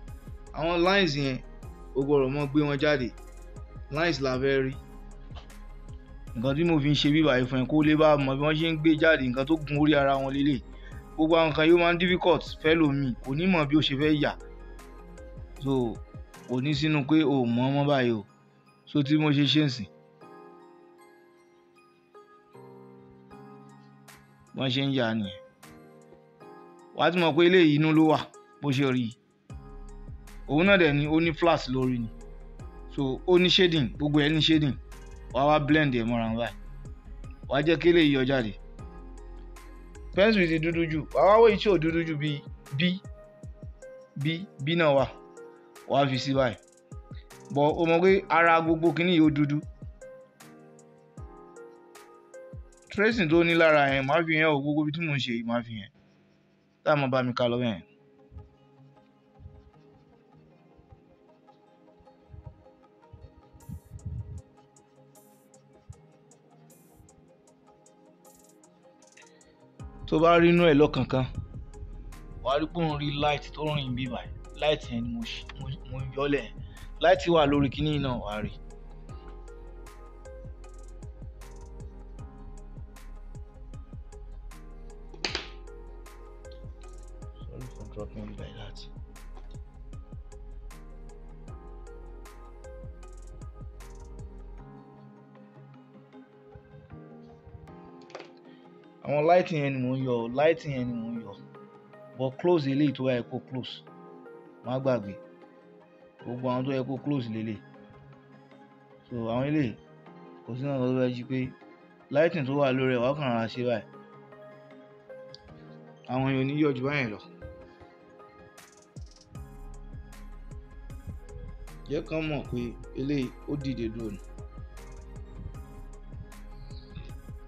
àwọn lines yẹn ó gbọ́dọ̀ mọ́ gbé wọn jáde lines la fẹ́ rí nǹkan tí mo fi ń ṣe bíbáyìí fún ẹ kó lè bá mọ bí wọ́n ṣe ń gbé jáde nǹkan tó gun orí ara wọn lélẹ̀ gbogbo àwọn nǹkan yìí ó máa ń difficult fẹ́ lómi kò ní mọ̀ bí ó ṣe fẹ́ yà so kò ní sínú pé o mọ̀ ọmọ báyìí o so tí mo ṣe ṣe ń sìn wọ́n ṣe ń yà nìyẹn wàá ti mọ̀ pé eléyìí inú ló wà bó ṣe rí i òun náà dẹ̀ ni ó ní flat lórí ni so ó ní shading gbogbo ẹ̀ ní shading wàá wá blend ẹ̀ mọ́ra wọn wàá jẹ́ kí eléyìí yọ jáde Pens with dúdú jù wàá wá wòye tí ò dúdú jù bíi bí bí bí wa wà wàá fi sí báyìí bọ̀ o mọ̀ pé ara gbogbo kìíní yóò dúdú tracing tó ní lára yẹn màá fi yẹn o gbogbo bí tí mò ń ṣe yìí màá fi yẹn táà mọ̀ bá mi ká lọ́wọ́ yẹn. tó bá rí inú ẹ̀ lọ́kànkan wà á rí pé òun rí light tó rìn bí báyìí light yẹn ni mo yọlẹ̀ light wà lórí kíní náà wà á rí. Sorry for dropping àwọn light yẹn ni mò ń yọ light yẹn ni mò ń yọ but close eléyìí tó yẹ kó close má gbàgbé gbogbo àwọn tó yẹ kó close lélẹ̀ so àwọn eléyìí kò sí náà lọ́wọ́ ẹjí pé lighting tó wà lórí ẹ̀ wá kàn án ṣe báyìí àwọn èèyàn oníyọ̀ jù báyìí lọ. jẹ́ kán mọ̀ pé eléyìí ó dìde dùn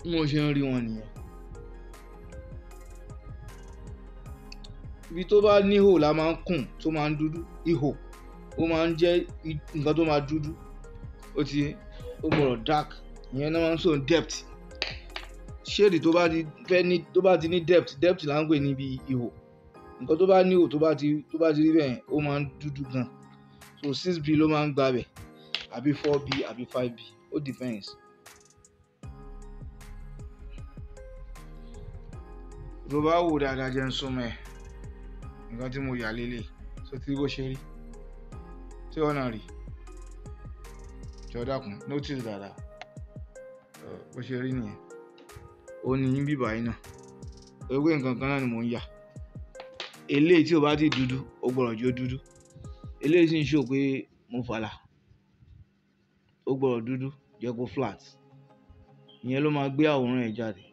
ni mo ṣe ń rí wọn nìyẹn. ibi tó bá níhò la máa ń kùn tó máa ń dúdú ihò ó máa ń jẹ́ nǹkan tó máa dúdú ó ti ó gbọ́dọ̀ dark ìyẹn náà máa ń sọ depth ṣéèdì tó bá ti fẹ́ ní tó bá ti ní depth depth là ń pè níbi ihò nǹkan tó bá níhò tó bá ti tó bá ti rí bẹ́ẹ̀ ó máa ń dúdú gan so six b ló máa ń gbabẹ̀ àbí four b àbí five b ó depends. ló bá wò dáadáa jẹ́ ń súnmọ́ ẹ̀ nǹkan tí mo yà lélẹ̀ so tí bó ṣe rí tí ọ̀nà rí jọ dákun notice dáadáa bó ṣe rí nìyẹn ó ní yín bíbá yín náà ewé nǹkan kan náà ni mò ń yà eléyìí tí o bá ti dúdú o gbọ́dọ̀ jó dúdú eléyìí sì ń ṣó pé mo fàlà ó gbọ́dọ̀ dúdú jẹ́ kó flat ìyẹn ló máa gbé àwòrán ẹ̀ jáde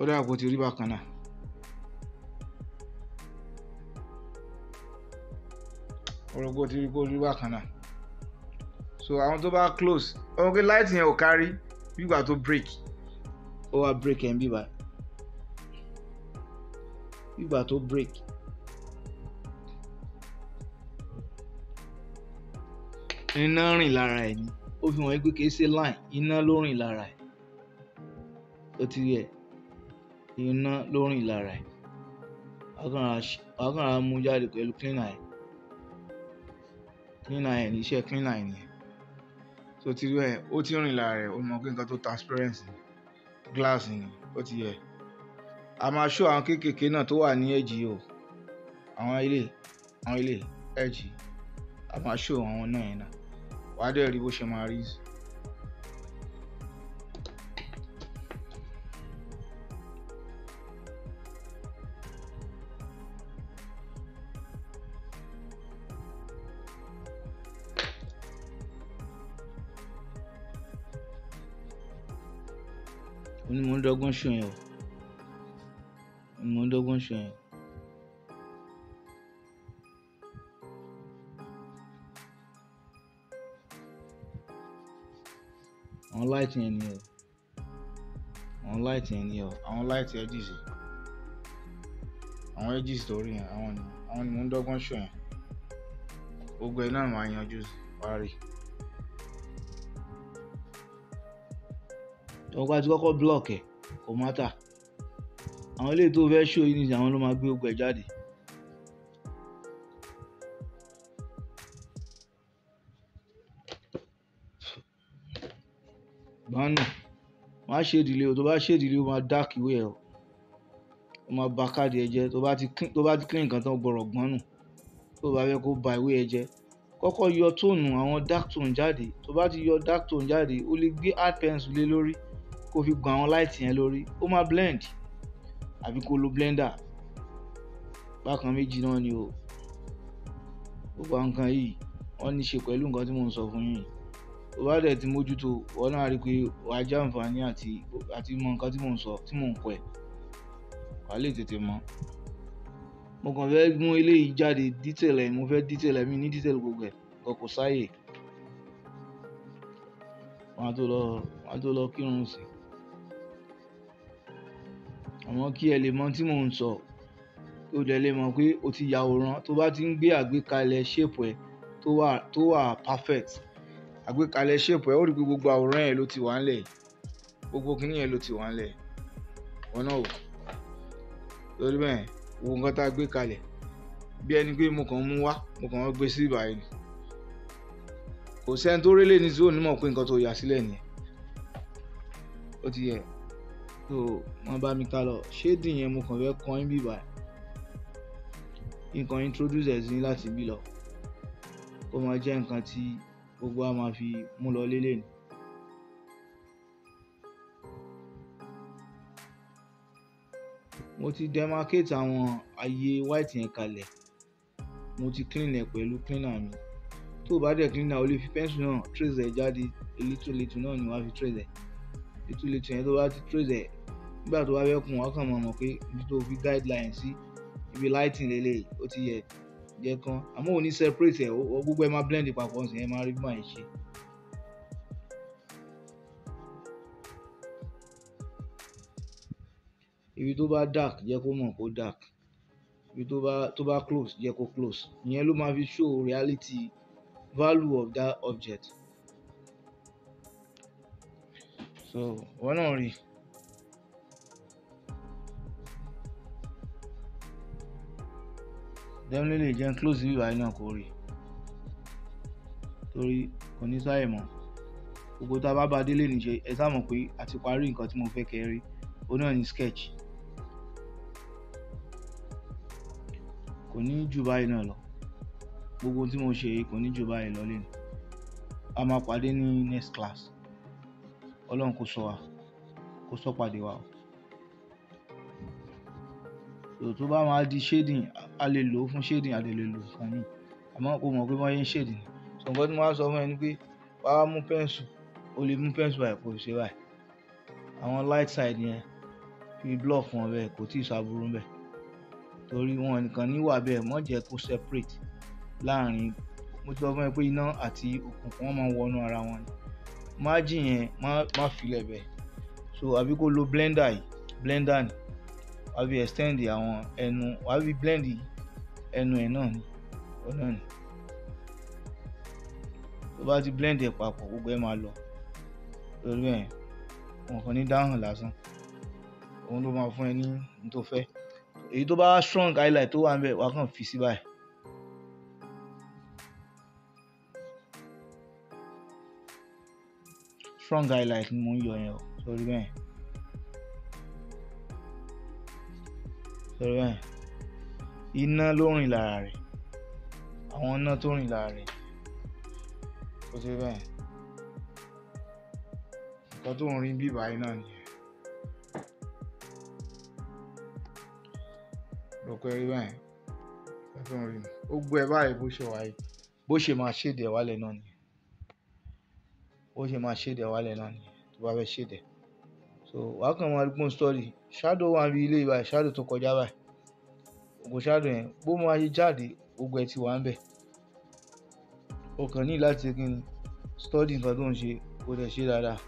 ó dàbí kó ti rí bákan náà. orogbo ti rí kó rí bákan náà so àwọn tó bá close ọmọ pé light yẹn ò kárí gbígbà tó break ó wá break ẹ̀ ń bíbá gbígbà tó break. iná rìn lára ẹ̀ ni ó fi hàn pé kì ṣe line iná ló rìn lára ẹ̀ ó ti rí ẹ̀ iná ló rìn lára ẹ̀ wàá kàn rà mú jáde pẹ̀lú cleaner ẹ̀ cleaner ẹ̀ níṣẹ́ cleaner ẹ̀ nìyẹn so tirú ẹ̀ ó ti rìn lára ẹ̀ ó mọ pé nǹkan tó transparent ni glass ni ó ti yẹ a máa ṣó àwọn kéékèèké náà tó wà ní ẹ̀jì o àwọn ilé àwọn ilé ẹ̀jì a máa ṣó àwọn náà yẹn náà wàá dẹ̀ rí bó ṣe máa rí sí. ń dọ́gbọ́n ṣe yẹn o mo ń dọ́gbọ́n ṣe yẹn. àwọn láìtì yẹn ni o àwọn láìtì yẹn ni o àwọn láìtì edges àwọn edges tó rí yẹn àwọn ni àwọn ni mo ń dọ́gbọ́n ṣe yẹn gbogbo ẹ̀ náà máa yanjú wá rí i. ọgbà kọ́kọ́ blọọkì ẹ̀ kò mátà àwọn eléyìí tó fẹ́ ṣó yìí nìyí àwọn ló máa gbé ogun ẹ̀ jáde. gbanu má ṣe ìdílé o tó bá ṣe ìdílé o máa dáàkì ìwé ẹ o o máa ba káàdì ẹ jẹ tó bá ti clean nǹkan tán gbọ̀rọ̀ gbọ́nù tó bá fẹ́ kó ba ìwé ẹ jẹ kọ́kọ́ yọ tóònù àwọn dark tone jáde tó bá ti yọ dark tone jáde o lè gbé hard pencil lé lórí kó fi gan àwọn light yẹn lórí ó máa blend àbí kó lo blender bákan méjì náà ni o gbogbo àwọn nǹkan yìí wọ́n ní í ṣe pẹ̀lú nǹkan tí mò ń sọ fún yín tó bá dẹ̀ ti mójútó wọ́n náà rí i pé wà á jàǹfààní àti àti mọ nǹkan tí mò ń sọ tí mò ń kọ ẹ̀ wà á lè tètè mọ̀ mo kàn fẹ́ mú eléyìí jáde detail ẹ̀ mo fẹ́ detail ẹ̀ mi ní detail gbogbo ẹ̀ kò sáyè wọn á tó lọ kírun sí i àmọ́ kí ẹ lè mọ tí mò ń sọ kí o dẹ̀ lè mọ̀ pé o ti yàwòrán tó bá ti ń gbé àgbékalẹ̀ shape ẹ̀ tó wà perfect àgbékalẹ̀ shape ẹ̀ ó rí pé gbogbo àwòrán yẹn ló ti wà ńlẹ̀ gbogbo kinní yẹn ló ti wà ńlẹ̀ wọn náà wò lórí bẹ́ẹ̀ wo nǹkan tá a gbé kalẹ̀ bí ẹni pé mo kàn mú wá mo kàn gbé sí ìbàyẹn ni kò sẹ́ni tó rélé ní tí ó pé nǹkan tó yà sílẹ̀ nìyẹn ó ti yẹ so wọ́n bá mi ká lọ ṣéèdì yẹn mo kàn fẹ́ kọ́ ń bìbà nǹkan introduce ẹ̀ sí láti bí lọ kó máa jẹ́ nǹkan tí gbogbo a máa fi mú lọ lélẹ̀ ni. mo ti demarcate àwọn àyè white yẹn kalẹ̀ mo ti clean ẹ̀ pẹ̀lú cleaner mi tó o bá dẹ̀ cleaner o lè fi pencil náà trace ẹ̀ jáde a little little náà ni wàá fi trace ẹ̀ little little yẹn tó bá ti trace ẹ̀ nígbà tó bá fẹ́ kun wọn kàn mọ̀ mọ̀ pé ibi tó fi guideline sí ibi lighting lélẹ̀ ó ti yẹ jẹ́ kán àmọ́ òní separate ẹ̀ gbogbo ẹ̀ máa blend papọ̀ ọ̀sìn ẹ̀ máa rí bí màá ṣe. ibi tó bá dark jẹ́ kó mọ̀ kó dark ibi tó bá tó bá close jẹ́ kó close ìyẹn ló máa fi show reality value of that object so wọn náà rí i. definitely lè jẹ́ close bíbá yìí náà kò rí torí kò ní sáyè mọ́ gbogbo tá a bá ba délé níṣe ẹ sá mọ̀ pé a ti parí nǹkan tí mo fẹ́ kẹ́ rí ó náà ní sketch kò ní jù báyìí náà lọ gbogbo tí mo ṣe yìí kò ní jù báyìí lọ lẹ́nu a máa pàdé ní next class ọlọ́run kò sọ wa kò sọ pàdé wa o tó bá máa di shading a lè lò ó fún shading a lè lè lò fún mi àmọ́ o mọ̀ pé wọ́n yé ń shading so nǹkan tí mo wá sọ fún ẹ ni pé wàá wá mú pẹ́ǹsù o lè mú pẹ́ǹsù báyìí kò ṣe báyìí àwọn light side yẹn fi block wọn bẹ́ẹ̀ kò tí ì ṣàbùrú bẹ́ẹ̀ torí wọn nìkan níwà bẹ́ẹ̀ mọ̀ jẹ́ kó separate láàrin mo ti sọ fún ẹ pé iná àti òkùnkùn wọn máa ń wọnú ara wọn ni má jì yẹn má má filẹ̀ bẹ́ẹ̀ so àbí kó lo blender yìí blender ni wàá fi extend àwọn ẹnu wàá fi blend ẹnu ẹ̀ náà ni ó náà ni tó bá ti blend ẹ̀ papọ̀ gbogbo ẹ̀ máa lọ lórí ẹ̀ nǹkan ní dáhùn lásán òun ló máa fún ẹ ní ní tó fẹ́ èyí tó bá strong highlight tó wà ń bẹ̀ wàá kàn fi sí báyìí. strong highlight ni mo ń yọ yẹn o sórí bẹ́ẹ̀. sọ̀rọ̀ báyìí iná ló rìn lára rẹ̀ àwọn iná tó rìn lára rẹ̀ kò sí báyìí nǹkan tó ń rìn bí báyìí náà nìyẹn rò pé rí báyìí nǹkan tó ń rìn ó gbé ẹ e báyìí bó ṣe wáyé bó ṣe máa ṣèdè wálẹ̀ náà nìyẹn bó ṣe máa ṣèdè wálẹ̀ náà nìyẹn tó bá fẹ́ ṣèdè so wàá kàn máa gbọ́n sọ́ọ̀rì shadow wà níbi ilé ìbáyìí shadow tó kọjá báyìí ògùn shadow yẹn bó máa ṣe jáde ogun ẹ̀ ti wà ń bẹ̀ o kàn ní láti kí ni study nǹkan tó ń ṣe kò dẹ̀ ṣe dáadáa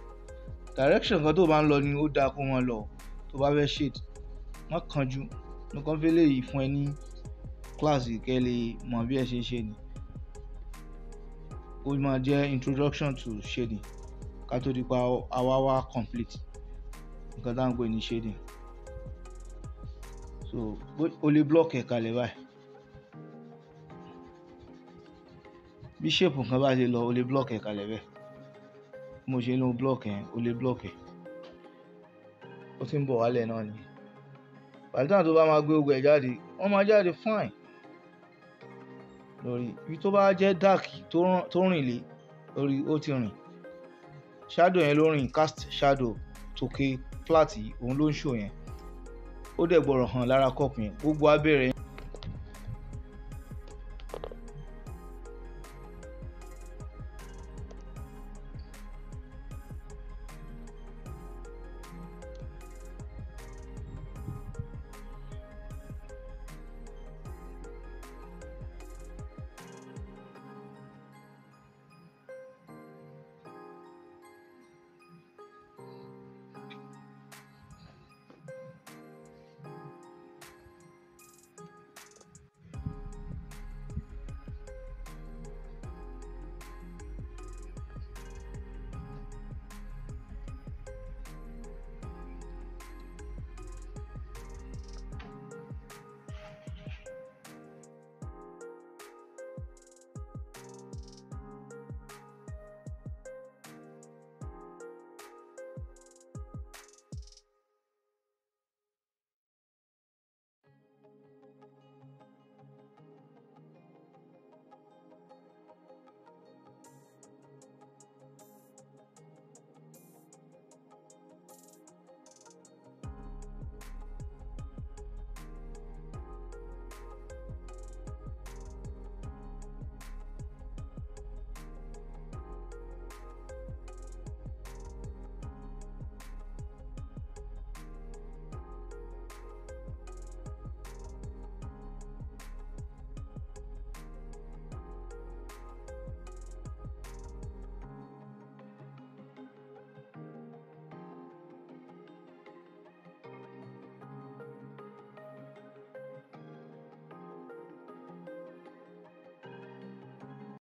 direction kan tó bá ń lọ ni ó dáa kó wọn lọ tó bá fẹ́ shade má kánjú nǹkan fẹ́ lè fún ẹ ní kíláàsì kẹ́ mọ̀ bí ẹ ṣe ṣe ni ó máa jẹ́ introduction to shading ká tó di pa àwa wá complete nǹkan tá pè ní shading so o lè block ẹ̀ kalẹ̀ báyìí bí shape nǹkan bá ṣe lọ o lè block ẹ̀ kalẹ̀ bẹ́ẹ̀ mo ṣe ló block ẹ̀ o lè block ẹ̀ ó ti ń bọ̀ wálẹ̀ náà ni pàtàkì tó bá máa gbé ogun ẹ̀ jáde wọ́n máa jáde fine lórí ibi tó bá jẹ́ dark tó rìn lé lórí ó ti rìn shadow yẹn ló rìn cast shadow tòkè flat yìí òun ló ń ṣò yẹn ó dẹ̀ gbọ́rọ̀ hàn lára cup yẹn gbogbo abẹ́rẹ́